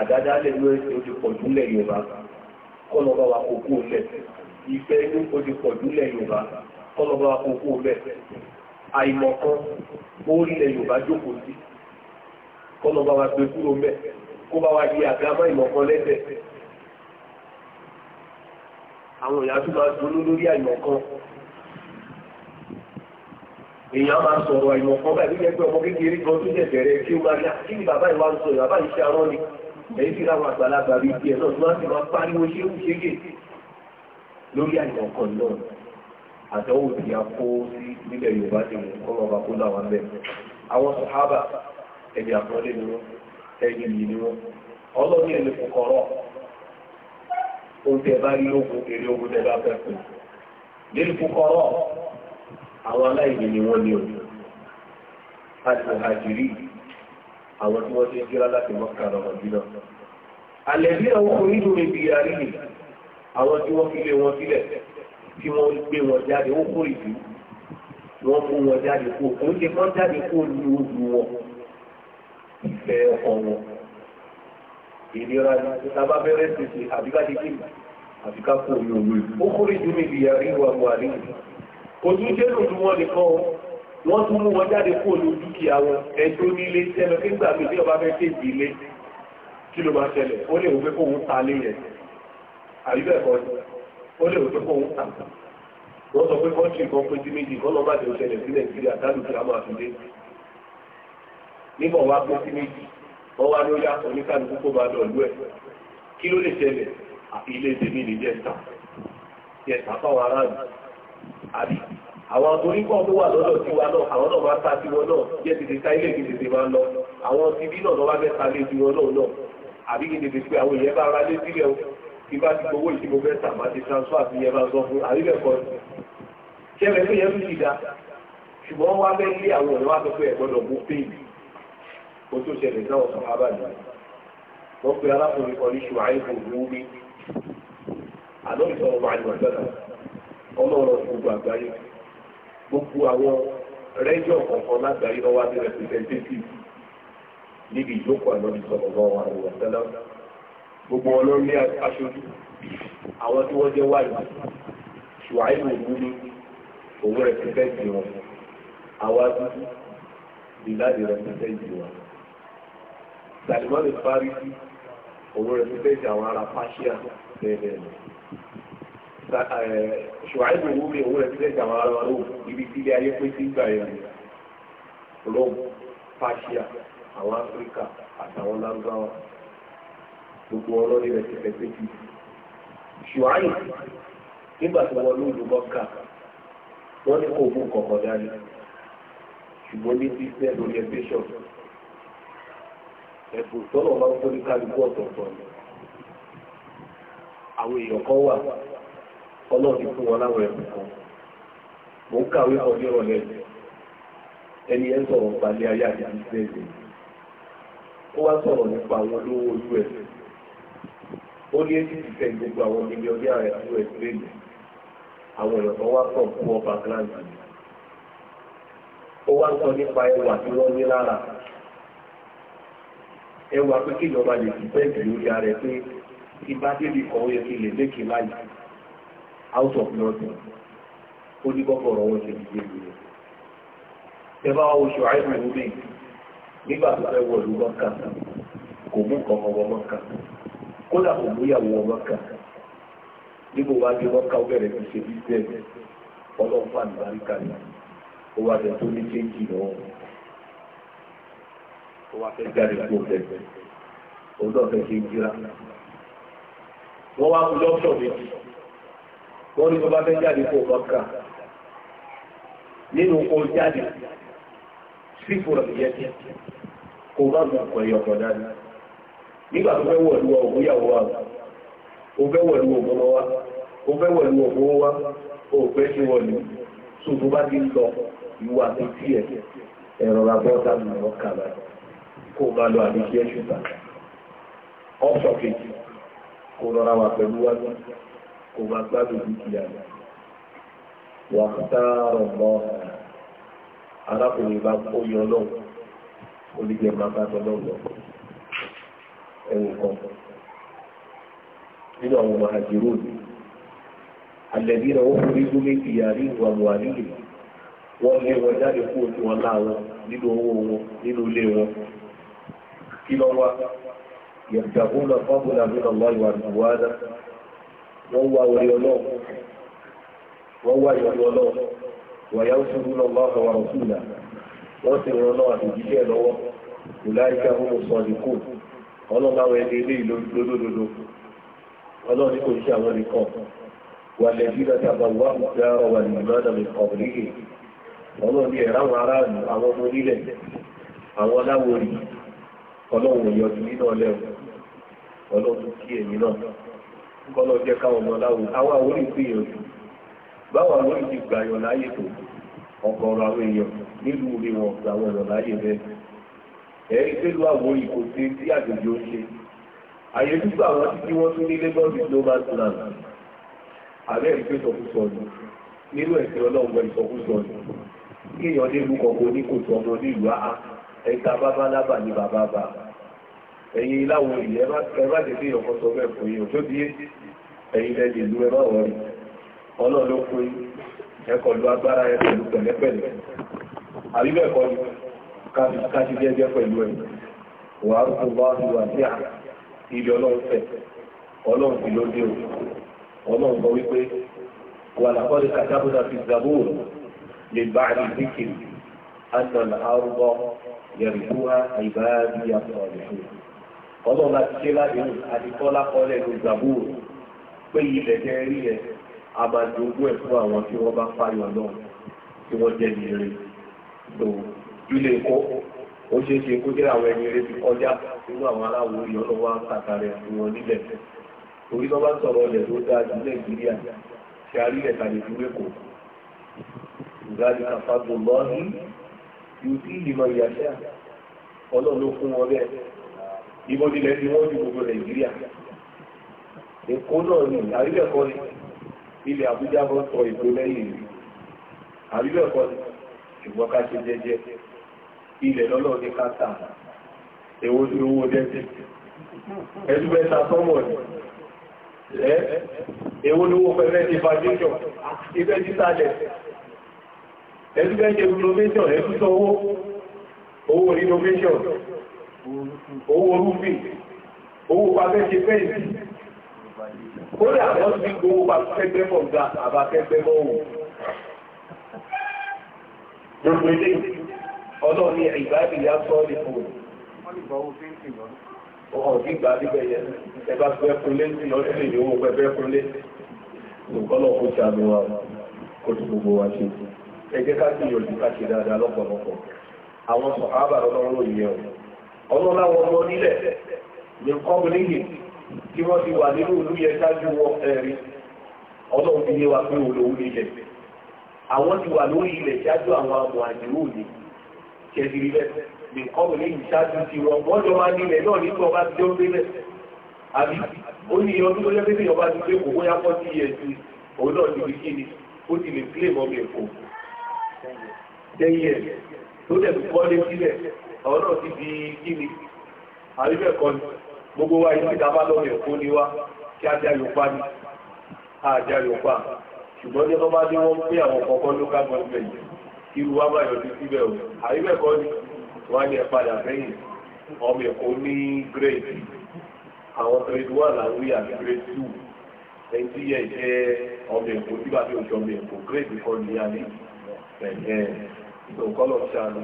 àdáda ó Yorùbá kọlọ́ba wa kò kú lẹ̀ ìfẹ́ ó ti pọ̀ jù lẹ̀ Yorùbá kọlọ́ba wa kò kú àìmọ̀kan ó lẹ̀ Yorùbá jókòó wa gbé kúrò mẹ́ẹ̀. kó bá wa di àgbàmọ́ ìmọ̀kan lẹ́sẹ̀ àwọn èèyàn tún máa dunú lórí àìmọ̀kan èèyàn máa sọ̀rọ̀ àìmọ̀kan báyìí nígbà pé ọmọ kékeré kan tó jẹ̀ bẹ̀rẹ̀ kí ó máa ní kí ni bàbá ìwà ń sọ bàbá yìí arán ni èyí sì láwọn àgbàlagbà bíi tiẹ̀ náà tí wọ́n sì máa pariwo ṣé ń ṣe gè lórí àìmọ̀kan náà àdánwò tí a kó sí nílẹ̀ Yorùbá ti mú kọ́ lọ́ba kó láwọn bẹ́ẹ̀ àwọn sàhábà ẹni yìí ni wọ́n ọlọ́run yẹn lè fòkọ̀rọ̀ oúnjẹ bá rí ogun èrè ogun tẹ bá fẹ́ fún lè fòkọ̀rọ̀ àwọn aláìní ni wọ́n ní o alìmọ̀hàjìrí àwọn tí wọ́n ti ń jíra láti mọ́kà lọ́wọ́ bí náà alẹ́bí àwọn orí lórí ibi àrí ni àwọn tí wọ́n fi lé wọn sílẹ̀ tí wọ́n gbé wọn jáde ó kórìí wọ́n mú wọn jáde kó oúnjẹ kan jáde kó lu ojú wọn ìfẹ́ ọkọ wọn ìlera ni tábà bẹ̀rẹ̀ ṣèṣe àbíká ti kí àbíká kò ní òwe ó kórè jù mí ìyá rí wa wà rí kò tún ṣe lòdù wọn nìkan wọn tún mú wọn jáde kó ní dúkìá wọn ẹjọ́ nílé tẹnu kí nígbà mi tí ọba fẹ́ kéèkì ilé kí ló máa ṣẹlẹ̀ ó lè wò pé kóun ta lé yẹn àyíbẹ̀ kan ó lè wò pé kóun ta wọ́n sọ pé kọ́ńtì kan pé sí méjì kọ́ lọ́ọ́ bàjẹ́ òṣèlè sí nàìjíríà dálùkì àmọ́ àfilé nígbà wá pín sí méjì wọ́n wá lórí oníkálukú kó bá lọ lú ẹ̀ kí ló lè ṣẹlẹ̀ ilé tèmi lè jẹ́ sà jẹ́ sà fáwọn aráàlú àbí àwọn oníkọ́ tó wà lọ́dọ̀ tí wa náà àwọn náà máa ta sí wọn náà jẹ́ tètè ta ilé kí tètè máa lọ àwọn ti bí náà lọ́wọ́ mẹ́ta lé sí wọn náà náà àbí kí tètè pé àwọn èèyàn bá ara lé sílẹ̀ o kí bá ti gbowó ìṣègùn mẹ́ta máa ti transfer àti ìyẹn máa sọ fún àríbẹ̀kọ́ ṣẹlẹ̀ pé yẹn tún ti dá ṣùgbọ́n wá bẹ́ẹ̀ lé àwọn ọ̀rẹ́ wá sọ pé ẹ̀ gbọ́dọ̀ mú péyì kó tó ṣẹlẹ̀ náà sọ abájá wọ́n pe arákùnrin kan ní ṣùgbọ́n gbogbo omi àlọ́ ìsọ̀rọ̀ wà ní ọ̀sán ọlọ́run gbogbo àgbáyé gbogbo àwọn rẹ́jọ̀ kọ̀ọ̀kan lágbàáyé lọ́wọ́ àti representative níbi ìjókòó àlọ́ ìsọ̀rọ̀ wà ní ọ̀sán gbogbo ọlọ́run ní aṣojú àwọn tí wọ́n jẹ́ wà ṣùgbọ́n gbogbo òun rẹ̀ ti fẹ́ wọn àwa dúdú ìlànà rẹ̀ wọn. Salimani Farisi òun rẹ̀ fífẹ́ẹ̀sì àwọn ará Persia bẹ́ẹ̀ ṣùgbọ́n ìwú mi òun rẹ̀ fífẹ́ẹ̀sì àwọn ará Rome ibi tí ilé ayé pé sí ìgbà yẹn Rome Persia àwọn Áfíríkà àtàwọn Lárúbáwá gbogbo ọlọ́dẹ rẹ̀ ti fẹ́ sí. Ṣùgbọ́n nígbà tí wọ́n lóòlù mọ́kà wọ́n ní kò mú kọ̀ọ̀kan dání ṣùgbọ́n ní bísí ẹ̀ ẹ̀bùn tọ́lọ̀ máa ń kó ní kálukú ọ̀tọ̀ọ̀tọ̀ ni àwọn èèyàn kan wà ọlọ́ọ̀dì fún wọn láwọn ẹ̀bùn kan mò ń kàwé kan ní ẹni ẹ̀ sọ̀rọ̀ nípa ilé ayé àti bísíǹsì ó wá sọ̀rọ̀ nípa àwọn olówó ojú ó ní eighty percent gbogbo àwọn mílíọ̀nù ààrẹ àwọn èèyàn kan wá fún ọba ó wá sọ nípa ẹwà tí wọ́n ní lára ẹwà pé kí ìjọba lè fi bẹ́ẹ̀ pẹ̀lú ìyá rẹ̀ pé kí bá débi kan yẹ kí lè lékè láì out of nothing ó ní kọ́kọ́rọ́ wọn ṣe dìde ìlú rẹ̀. ẹ bá wo oṣù àìsàn ìlú mi nígbà tó fẹ́ wọ ìlú mọ́kà kò mú nǹkan ọmọ mọ́kà kódà kò mú ìyàwó ọmọ mọ́kà níbo wá dé mọ́kà ó bẹ̀rẹ̀ fi ṣe bí bẹ́ẹ̀ ọlọ́pàá àlùbáríkà ni ó wá jẹ tó ní chéńjì lọ́wọ́ tó wá fẹ́ jáde kó bẹ̀rẹ̀ òun náà fẹ́ ṣe ń jíra. wọ́n wá kú lọ́pọ̀ méjì wọ́n ní tó bá fẹ́ jáde kó mọ́kà nínú kó jáde sí fúnra ìyẹn kó má mú ọkọ̀ ẹ̀yọ̀ kan dání. nígbà tó fẹ́ wọ̀ lu ọ̀gbọ́n yàwó wa o fẹ́ wọ̀ lu ọ̀gbọ́n wa o fẹ́ wọ̀ lu ọ̀gbọ́n wa o fẹ́ ṣe wọ̀ lu sùn tó bá ti lọ ìwà àti tiẹ̀ ẹ̀rọ làbọ́ dànù lọ́kà báyìí kó bá lọ àbí kí ẹṣù tàbí ọ̀ṣọ́ kejì kó rọra wà pẹ̀lú wájú kó bá gbádùn dúkìá rẹ̀ wà kútàárọ̀ mọ́ arákùnrin bá kó yọ lọ́wọ́ olùgbé máa bá tọ́ lọ́wọ́ ẹ̀wọ̀n kan nínú àwọn màhàjírò ni àlẹ́bí náà ó forí gómìn ìyàrí ìwà buhari wọ́n lé wọn jáde kú ojú wọn láàwọn nínú owó wọn nínú ilé wọn kí lọ wá yẹ̀dàbó nínú ọmọ ìwà wọ́n wá orí ọlọ́run wọ́n wá ìyọ̀nù ọlọ́run wọ̀yá ó ṣubú wà ọwà mi ọlọ́run aráàlú àwọn ọmọ àwọn aláwòrì ọlọ́run yọjú nínú ọlẹ́run ọlọ́run kí èyí náà kọ́lọ́ jẹ́ káwọn ọmọ láwùjọ àwa orí gbìyànjú báwa lórí ti tó ọ̀gọ̀ọ̀rọ̀ àwọn èèyàn nílùú orí wọn làwọn èèyàn láàyè bẹ́ẹ̀ ẹ̀rí pẹ̀lú àwọn ìkó tí àjòjì ó ṣe àyẹ̀dúgbò àwọn títí wọ́n tún ní Lagos global plan àbẹ́ ìpè sọkúsọ ni nínú ẹ̀sìn ọlọ́run ìsọkúsọ ni kí èèyàn dé ẹ̀ka bábálábà ní bàbá bá ẹ̀yin iláwọ̀ èyí ẹbá tẹ̀lé ọkọ̀ sọ bẹ́ẹ̀ fún yín òjòdí ẹ̀yin lẹ́dẹ̀ ìlú ẹbá wọ̀rí ọlọ́run ló fún yín ẹkọ̀ lu agbára ẹ pẹ̀lú pẹ̀lẹ́pẹ̀lẹ́ àríbẹ̀kọ́ ni káṣí jẹ́jẹ́ pẹ̀lú ẹ̀ wà á rúkú bá ti wà sí à ilé ọlọ́run fẹ̀ ọlọ́run sì ló dé o ọlọ́run sọ wípé wà lápọ́lẹ̀ kàtàbùdà fi zàbúrò lè bá àdìsíkiri أن الأرض يرثها عبادي الصالحون ọlọ́run láti ṣe láàrin àdìkọ́lá kọ́lẹ̀ ló gbàgbóòrò pé ilẹ̀ jẹ́ rí ẹ àbájogún ẹ̀ fún àwọn tí wọ́n bá fáyọ̀ náà tí wọ́n jẹ́ ní eré tó ilé ẹ̀kọ́ ó ṣeé ṣe kó jẹ́ àwọn ẹni eré ti kọjá nínú àwọn aláwo ìyọ́nà wa kàkàrẹ̀ fún wọn nílẹ̀ torí tó bá sọ̀rọ̀ ilẹ̀ tó dáa jù nàìjíríà ṣe àrílẹ̀ tàbí ìdúró èkó ìgbàlù àfàgbọ̀n lọ́ọ̀hìn yóò sí ìmọ̀ ìyàṣẹ́ ọlọ́run ló fún wọn bẹ́ẹ̀ ìbọ̀dìlẹ̀ ni wọ́n ju gbogbo nàìjíríà èkó náà ni àríwẹ̀kọ́ ni ilẹ̀ àbújá bọ́ sọ èkó lẹ́yìn rí àríwẹ̀kọ́ ni ṣùgbọ́n ká ṣe jẹ́jẹ́ ilẹ̀ lọ́lọ́ ní káta èwo ni owó dẹ́sẹ̀ ẹ̀dúgbẹ́ta sọ́mọ̀ ni ẹ̀ èwo ni owó fẹ́fẹ́ ti fàdíjọ ìfẹ́ títà lẹ̀ ẹgbẹ́gbẹ́ renovation ẹgbùsọ owó owó renovation owó rúfin owó pàfẹ́ṣe fẹ́ǹsì ó dà wọ́n ti gbówó pàfẹ́gbẹ́ mọ̀ ga àbáfẹ́gbẹ́ mọ́ òun gbogbo ilé ọlọ́ ní ìbáàbì yá sọ ní fún ọ̀hún sí ìgbà níbẹ̀ yẹn ẹbá fẹ́ fúnlé sí lọ́sílẹ̀ ní owó pẹ́fẹ́ fúnlé nǹkan náà kó ṣàmì wa kó tó gbogbo wa ṣe ẹ jẹ́ ká sì yọjú ká ṣe dáadáa lọ́pọ̀lọpọ̀ àwọn sọ̀hábà lọ́rọ̀ yìí ẹ̀ ọlọ́lá wọn lọ nílẹ̀ ní kọ́bù níyì tí wọ́n ti wà nínú ìlú yẹn ṣáájú wọn ẹ̀rí ọlọ́run ti yé wa pé olówó nílẹ̀ àwọn ti wà lórí ilẹ̀ ṣáájú àwọn àmọ̀ àdìrú òní kẹsìrì bẹ́ẹ̀ ní kọ́bù níyì ṣáájú ti wọn wọ́n jọ máa nílẹ̀ náà nígbà ọba ti dé ó àbí ó ní ọdún tó lẹ́gbẹ̀ẹ́ ọba ti dé kò bóyá pọ́ sí iye ju òun náà ti rí kí ni ó ti lè pílè mọ́ mi èkó lẹ́yìn ẹ̀ tó dẹ̀ tó kọ́lé sílẹ̀ ọ̀rọ̀ náà ti di kíni àríbẹ̀ kọ́ ni gbogbo wa yìí ìdá bá lọ́wọ́ ẹ̀kọ́ ni wá kí ajá yorùbá ni ajá yorùbá ṣùgbọ́n ní ọba ní wọ́n pé àwọn kọ̀ọ̀kan ló ká gọ́ọ̀mẹ̀ yìí kí irú wa máa yọjú síbẹ̀ o àríbẹ̀ kọ́ ni wọ́n á ní ẹ̀ padà sẹ́yìn ọmọ ẹ̀kọ́ ní gírèdì àwọn gírèdì wà láwí àti gírèdì tù ẹni tí yẹ jẹ́ ọmọ ẹ̀kọ́ tí bá fi òṣ ìgbòkọ́lọ̀ ti àná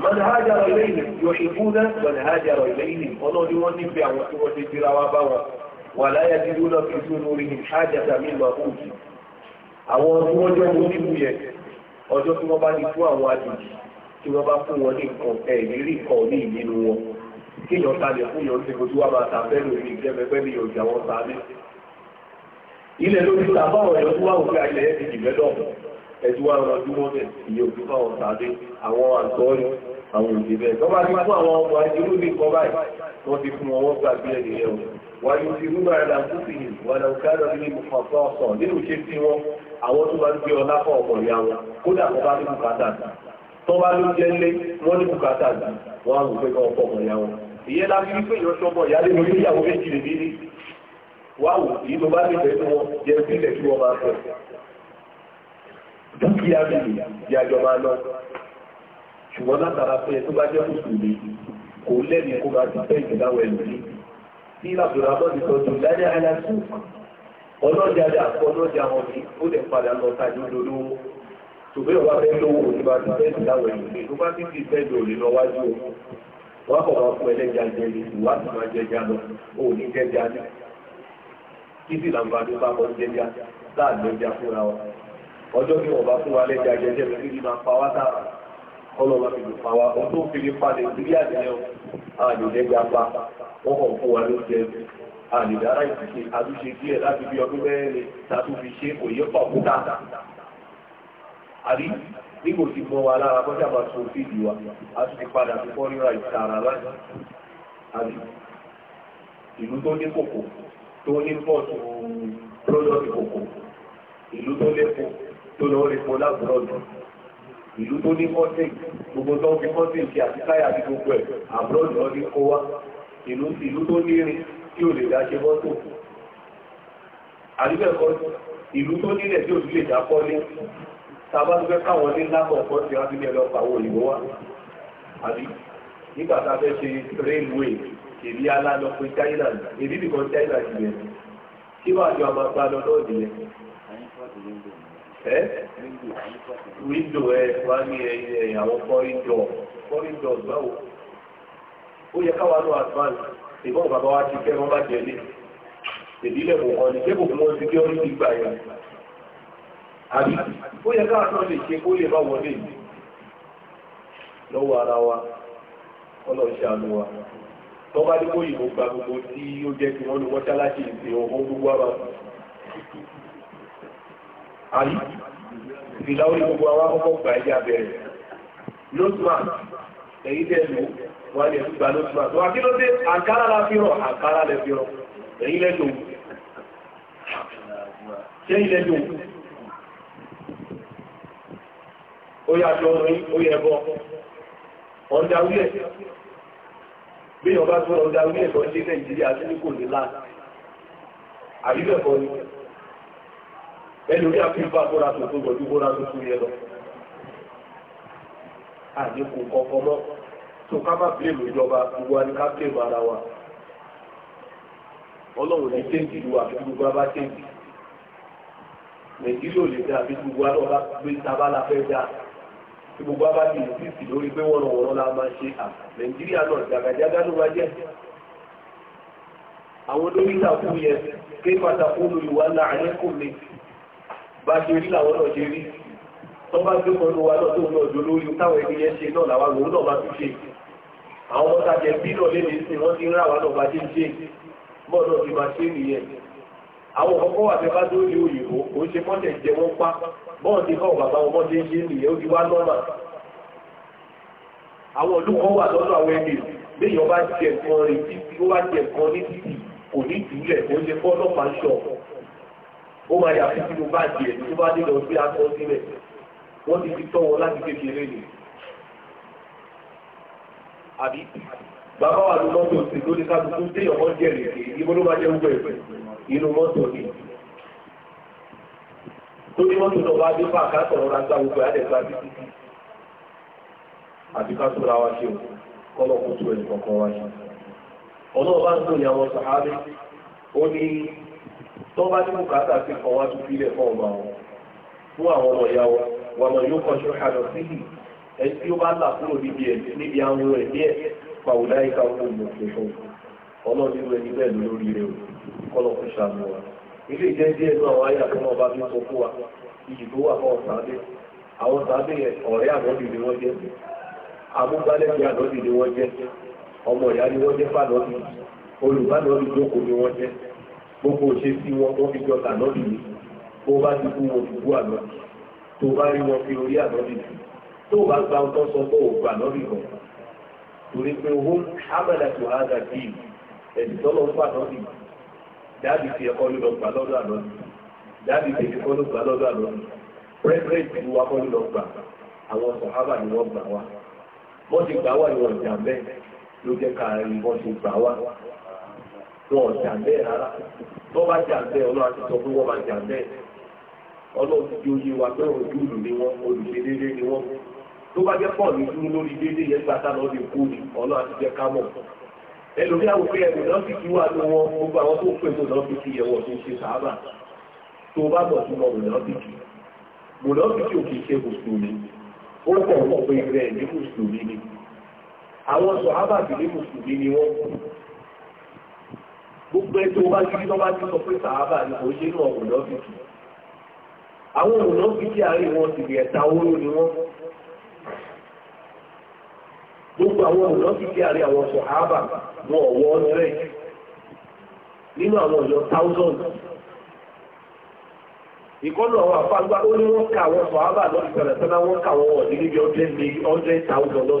mọ̀nà hájára ilé-ìlẹ̀ yóò ṣe fún náà mọ̀nà hájára ilé-ìlẹ̀ ọ̀nà ni wọ́n nífẹ̀ẹ́ àwọn tí wọ́n ti jíra wá bá wọn wà láyé tí ló náà fi tún lórí hájára mi lọ fún òjì àwọn tí wọ́n jọ mú nínú yẹ ọjọ́ tí wọ́n bá ní fún àwọn àjòjì tí wọ́n bá fún wọn ní nǹkan ẹ̀ẹ́dẹ́rì kan ní ìnínú wọn kéèyàn ta lè fún yàn ní gbogbo wa wọ́n fi àyẹ̀yẹ́ ẹ̀dùwà ọmọdúnmọ́ bẹ̀ ìyẹ̀ òkúta ọ̀tàdé àwọn àtọ́rí àwọn òjìbẹ̀ tọ́bá ti fún àwọn ọmọ ajínú ní kọ́ báyìí wọ́n ti fún ọwọ́ gbà bí ẹni yẹn wáyé ti rú báyìí la kú sí wà lọ káàdọ̀ nínú ìmọ̀fọ́ ọ̀sán nínú ṣe sí wọn àwọn tó bá ń gbé ọlá fọ́ ọmọ ìyá wọn kódà ní bùkátà tọ́bá wọ́n jẹ́ sílẹ̀ kí wọ́n máa fẹ́ dúkìá rèé ní àjọ máa lọ ṣùgbọ́n látara pé tó bá jẹ́ mùsùlùmí kò lẹ́ni kó máa ti fẹ́ ìgbéláwọ̀ ẹlòmí tí abdulrahman ti sọ tòun dáadáa aláṣù ọlọ́jà dà ọlọ́jà wọn ni ó lè padà lọ tajú lólówó ṣùgbọ́n ìwà fẹ́ lówó òní bá ti fẹ́ ìgbéláwọ̀ ẹlòmí tó bá ti fi fẹ́ lò lè lọ wájú o wọ́n kọ̀ wá fún ẹlẹ́jà jẹ ní ìwà tó máa jẹjà lọ ò ní jẹjà ní títí làǹfààní bá bọ́ jẹjà láàgbẹ̀jà fúnra wa ọjọ́ bí wọ́n bá fún wa lẹ́jẹ́ ajẹ́jẹ́ lórí ní máa pàwá sára ọlọ́wọ́ fi lè pàwá ohun tó fi lè padà ìdílé àjẹyàn àjòjẹ́ gbapá wọ́n kàn fún wa ló jẹ àlèdára ìfìṣe àtúnṣe díẹ̀ láti bí ọdún mẹ́rin tàbí ṣe kò yẹ pàkúta àrí nígbò tí mọ́ wa lára kọjá bá tún fídì wa a tún ti padà sí fọ́nrírà ìtara láti àrí ìlú tó ní kòkó tó ní pọ̀ tó lọ́jọ́ ti kòkó ìlú tó lẹ́kọ̀ọ́ tó lọ rí pọ̀ lábúrọ̀dù ìlú tó ní mọ́tẹ̀ gbogbo tó ń fi mọ́tẹ̀ ṣe àti táyà ní gbogbo ẹ̀ àbúrọ̀dù ọ ní kó wá ìlú ìlú tó ní irin tí ò lè dáṣe mọ́tò àdúgbẹ̀kọ́ ìlú tó nílẹ̀ tí ò lè dá kọ́lé tàbá tó fẹ́ káwọn ní lákọ̀ọ́kọ́ ti wá sílẹ̀ lọ́pàá owó òyìnbó wá àbí nígbà tá a fẹ́ ṣe rélùwé èdè alálọ́pẹ́ China èdè nìkan China ti bẹ̀rẹ̀ kí wàá jọ àmàgbà lọ náà nìyẹn ẹ́ wíńdò ẹ̀ wá ní ẹ̀yẹ àwọn kọ́rídọ̀ kọ́rídọ̀ gbáwò ó O káwa wa ti fẹ́ wọn bá jẹ ti gbà yẹn àbí ó yẹ káwa náà lè ṣe kó lè má wọlé yìí lọ́wọ́ ara wa ọlọ́ọ̀ṣẹ́ àánú wa tó bá dé kó yìnbó gba àyí ìfìlà orí gbogbo àwọn akọ́kọ́ gbà ẹ̀yà bẹ̀rẹ̀ lóṣùmá èyí tẹ̀lú wà lè gbà lóṣùmá tó wà kí ló dé àkàrà la fi rọ àkàrà lè fi rọ èyí lẹ́jọ́ ṣé ilẹ̀ jò ó yà jọ orin ó yẹ bọ́ ọ̀dà orí ẹ̀ bí ọba tó ọ̀dà orí ẹ̀ lọ sí Nàìjíríà tí ní kò ní láà àbíbẹ̀ kọ́ ni ẹni orí àfihàn bá bóra tó tó gbọdú bóra tó tó yẹ lọ àdínkù kọkọ mọ tó ká má bílèmù ìjọba gbogbo wa ni ká bílèmù ara wa ọlọ́run ní téèjì lu àbí gbogbo abá téèjì nàìjíríà ò lè dá àbí gbogbo alọ́ bá gbé sábà la fẹ́ dá tí gbogbo abá ti ìsísì lórí pé wọ́n wọ́n la máa ṣe à nàìjíríà náà jàgàjàgà ló wá jẹ́ àwọn dókítà kú yẹ kéfàtà kó lórí wàhálà bá ṣe rí làwọn náà rí tó bá gbé kan ló wa náà tó ń lọ́ọ́ táwọn ẹni yẹn ṣe náà làwọn òun náà máa tún ṣe àwọn ọmọ tàjẹ bí náà lè ní sìn wọ́n ti ń rà wá náà bá ṣe ń ṣe bọ́ náà ti máa ṣe nìyẹn àwọn kọ́kọ́ wà fẹ́ bá tó ní òyìnbó kò ń ṣe mọ́tẹ̀ jẹ wọ́n pa bọ́ọ̀ ti kọ́ bàbá wọn mọ́tẹ̀ ṣe nìyẹn ó ti wá nọ́mà àwọn olùkọ́ wà lọ́dọ̀ àwọn ẹgbẹ́ léèyàn ó máa yà fífi mo bá jẹ tó bá nílò pé a tọ́ sílẹ̀ wọ́n ti fi tọ́ wọn láti kékeré ni. àbí bàbá wa ló mọ́tò sí lórí kálukú tí ọmọ jẹ rèké ibo ló máa jẹ ń gbẹ̀gbẹ̀ inú mọ́tò ni. tó ní mọ́tò náà bá dé fáà ká sọ̀rọ̀ ra gbá gbogbo àdẹ̀ gbá títí. àbí ká sọ̀rọ̀ wa ṣe o kọ́lọ̀ kó tó ẹ̀ kọ̀ọ̀kan wa ṣe. ọlọ́ọ̀bá ń tó bá ní bùkátà sí kan wá tún fílẹ̀ fún ọmọ wọn fún àwọn ọmọ ìyá wa wà mọ̀ yóò kọ́ṣọ́ àlọ́ síhì ẹni tí ó bá là kúrò níbi ẹ̀ níbi àwọn pàwùdá ìka fún ọmọ ẹni bẹ́ẹ̀ lórí o kọ́lọ̀ fún wa ilé díẹ̀ ọba sọ fún wa iyì tó wà fún ni wọ́n jẹ́ gbogbo ṣe sí wọn wọ́n fi jọ tànọ́dì ni bó bá ti kú wọn fi kú ànọ́dì tó bá rí wọn fi orí ànọ́dì sí tó bá gba ọtọ́ sọ pé òògùn ànọ́dì kan torí pé owó amẹ́lẹ̀ tó há dà bíi ẹ̀dì tọ́lọ́ ń fà ànọ́dì dáàbì fi ẹ̀kọ́ ló lọ gbà lọ́dọ̀ ànọ́dì dáàbì fi ẹ̀kọ́ ló gbà lọ́dọ̀ ànọ́dì pẹ́ẹ́pẹ́ẹ́ ti wá kọ́ ló lọ gbà àwọn sọ̀hábà ni wọ́n gbà wá wọ́n ti gbà wá ìwọ̀n ìjà mẹ́ ló jẹ́ káàrin wọ́n ti gbà wọn ò jà bẹ́ẹ̀ rárá tó bá jà bẹ́ẹ̀ ọlọ́run ti sọ pé wọ́n máa jà bẹ́ẹ̀ ọlọ́run ti di oyè wa pé ojú ìlú ni wọ́n olùṣe déédéé ni wọ́n tó bá jẹ́ pọ̀ ní dúró lórí déédéé yẹn gbàtà lọ́ọ́ lè kú ni ọlọ́run ti jẹ́ ká mọ̀ ẹlòmí àwọn pé ẹ̀rù lọ́ọ́ fi kí wà ló wọn gbogbo àwọn tó pè tó lọ́ọ́ fi kí ẹ̀wọ̀n tó ṣe sàábà tó bá bọ̀ tó lọ mùnàfíkì mùnàfíkì ò kì í ṣe mùsùlùmí ó kọ̀ wọ́n pé rẹ̀ ní mùsùlùmí ni àwọn sọ̀hábà sì ní mùsùlùmí ni wọ́n gbogbo ẹ̀ bá ti rí lọ́wọ́ ti sọ pé sàábà ni kò ṣe ọ̀hún lọ́fíìsì àwọn lọ́fíìsì àárín wọn gbogbo àwọn lọ́fíìsì àárín àwọn wọn ọ̀wọ́ ọ̀rẹ́ nínú àwọn ọ̀yọ́ àwọn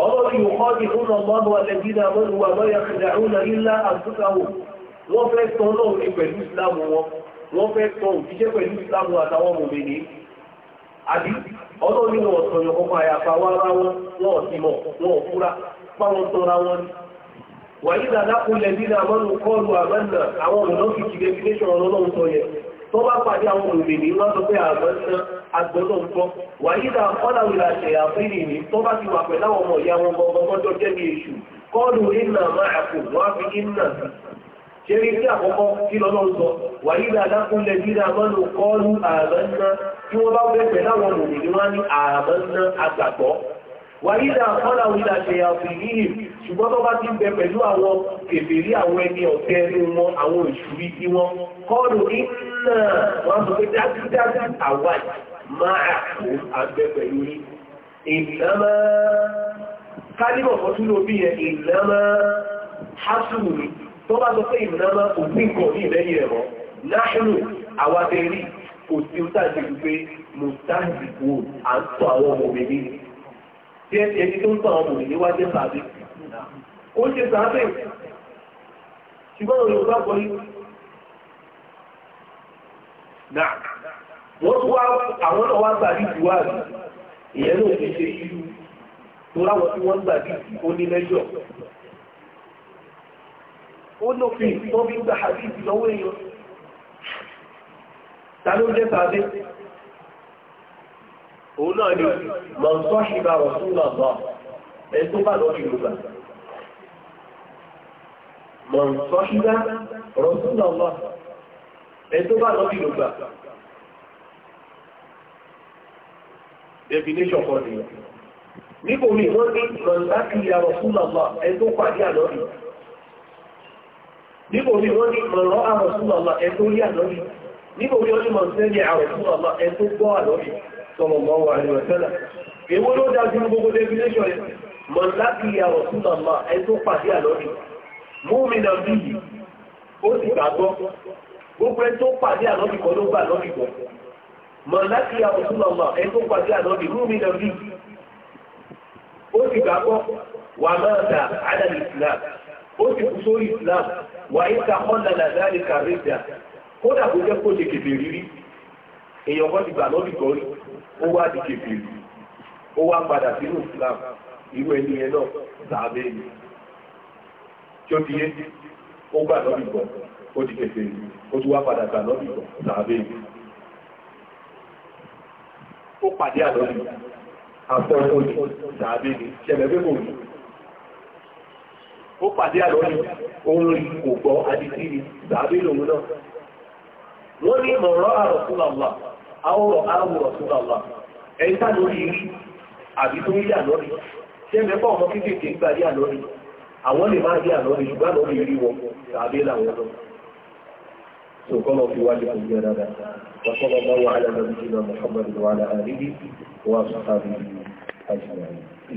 ọlọ́run yùkọ́dìkún ọmọdé alẹ́bí náà mọ́nu wà lọ́yà kìdàrún ilá àtúntàwò wọ́n fẹ́ tọ́ náà ní pẹ̀lú ìsìláàmù wọn wọ́n fẹ́ tọ́ òjíṣẹ́ pẹ̀lú ìsìláàmù àtàwọn ọmọ mẹ́ni àbí àyàfà wá wọ́n ti mọ̀ wọ́n fúra tọ́ra wọn ni agbọ́dọ̀ ń gbọ́ wàyí dà kọ́là wìlà ṣẹ̀yà fún ìrìnì tó bá ti wà pẹ̀lú àwọn ọmọ ìyá wọn gbọ́gbọ́gbọ́jọ́ jẹ́ bí èṣù kọ́ọ̀lù ìnà máa àpò wọ́n á fi ìnà ṣe rí ṣùgbọ́n tó bá ti ń bẹ pẹ̀lú àwọn kèfèrí àwọn ẹni ọ̀tẹ́ wọn àwọn òṣùrí tí wọn kọ́ọ̀lù ìnà wọn sọ pé dájúdájú àwáyé máa fún àgbẹ̀ pẹ̀lú rí ìlàmà kálímọ̀ fọ́tún ló bí yẹn ìlàmà hásùn rí tó bá sọ pé ìlàmà òfin kọ̀ ní ìlẹ́yìn ẹ̀rọ náṣùnù àwádẹ́rí kò sí ó tàbí wípé mùtáàdìbò àtọ́ àwọn ọmọ àwọn ọmọ obìnrin wọ́n tó wá àwọn náà wá gbàdí ìlú wá rí ìyẹn náà fi ṣe ìlú tó láwọn tí wọ́n gbàdí ó ní lẹ́jọ́ ó lófin tó fi gba hadith lọ́wọ́ èèyàn ta ló jẹ́ tàbí òun náà ni lọ́sọ́ ṣìbà rọ̀súnlọ̀ náà ẹni tó bá lọ sí yorùbá lọ́sọ́ ṣìbà rọ̀súnlọ̀ náà ẹni tó bá lọ sí yorùbá definition for you. níbo ni wọ́n ní mọ̀láàkì ìyàwó fún lọ́lọ́ ẹ̀tọ́ pàdé àlọ́rí níbo ni wọ́n ní mọ̀rọ̀ àrọ̀ fún lọ́lọ́ ẹ̀tọ́ rí àlọ́rí níbo ni wọ́n ní mọ̀sẹ́lẹ̀ àrọ̀ fún lọ́lọ́ ẹ̀tọ́ gbọ́ àlọ́rí sọ̀rọ̀ mọ́ wà ní ọ̀sẹ́lẹ̀ èwo ló dá sí gbogbo definition mọ̀láàkì ìyàwó fún lọ́lọ́ ẹ̀tọ́ pàdé àlọ́rí múmìnà bíyì ó sì gbàgbọ́ gbogbo ẹ̀ tó pàdé àlọ́rí kan ló mọ̀láti àwòsùnlọ́mọ̀ ẹ̀kọ́ pàdé ànábì rúmi náà bí ó sì gbàgbọ́ wà máa dà ádàlì islam ó O kú sórí islam wà ń ta kọ́ńdà nàdáàlì kàrẹ́jà kódà kó jẹ́ kó ṣe èèyàn kan di ó wá padà sínú islam irú ẹni yẹn náà sàbẹ̀ ni tí ó ti yé ó gbà kan ó ó wá padà gbà kan sàbẹ̀ ó pàdé àlọ́lù àfọ́kọ́lù tàbí ní ṣẹlẹ̀bẹ́ kò rí ó pàdé àlọ́lù ohun kò gbọ́ àdìsí ni tàbí lòun náà wọ́n ní mọ̀rọ̀ àrọ̀súnlọ́lá àwọ̀rọ̀ àwọ̀rọ̀súnlọ́lá ẹni lórí rí àbí tó rí ọmọ àwọn lè rí rí سوكم في واجب الجنابة وصلى الله على نبينا محمد وعلى آله وصحبه أجمعين.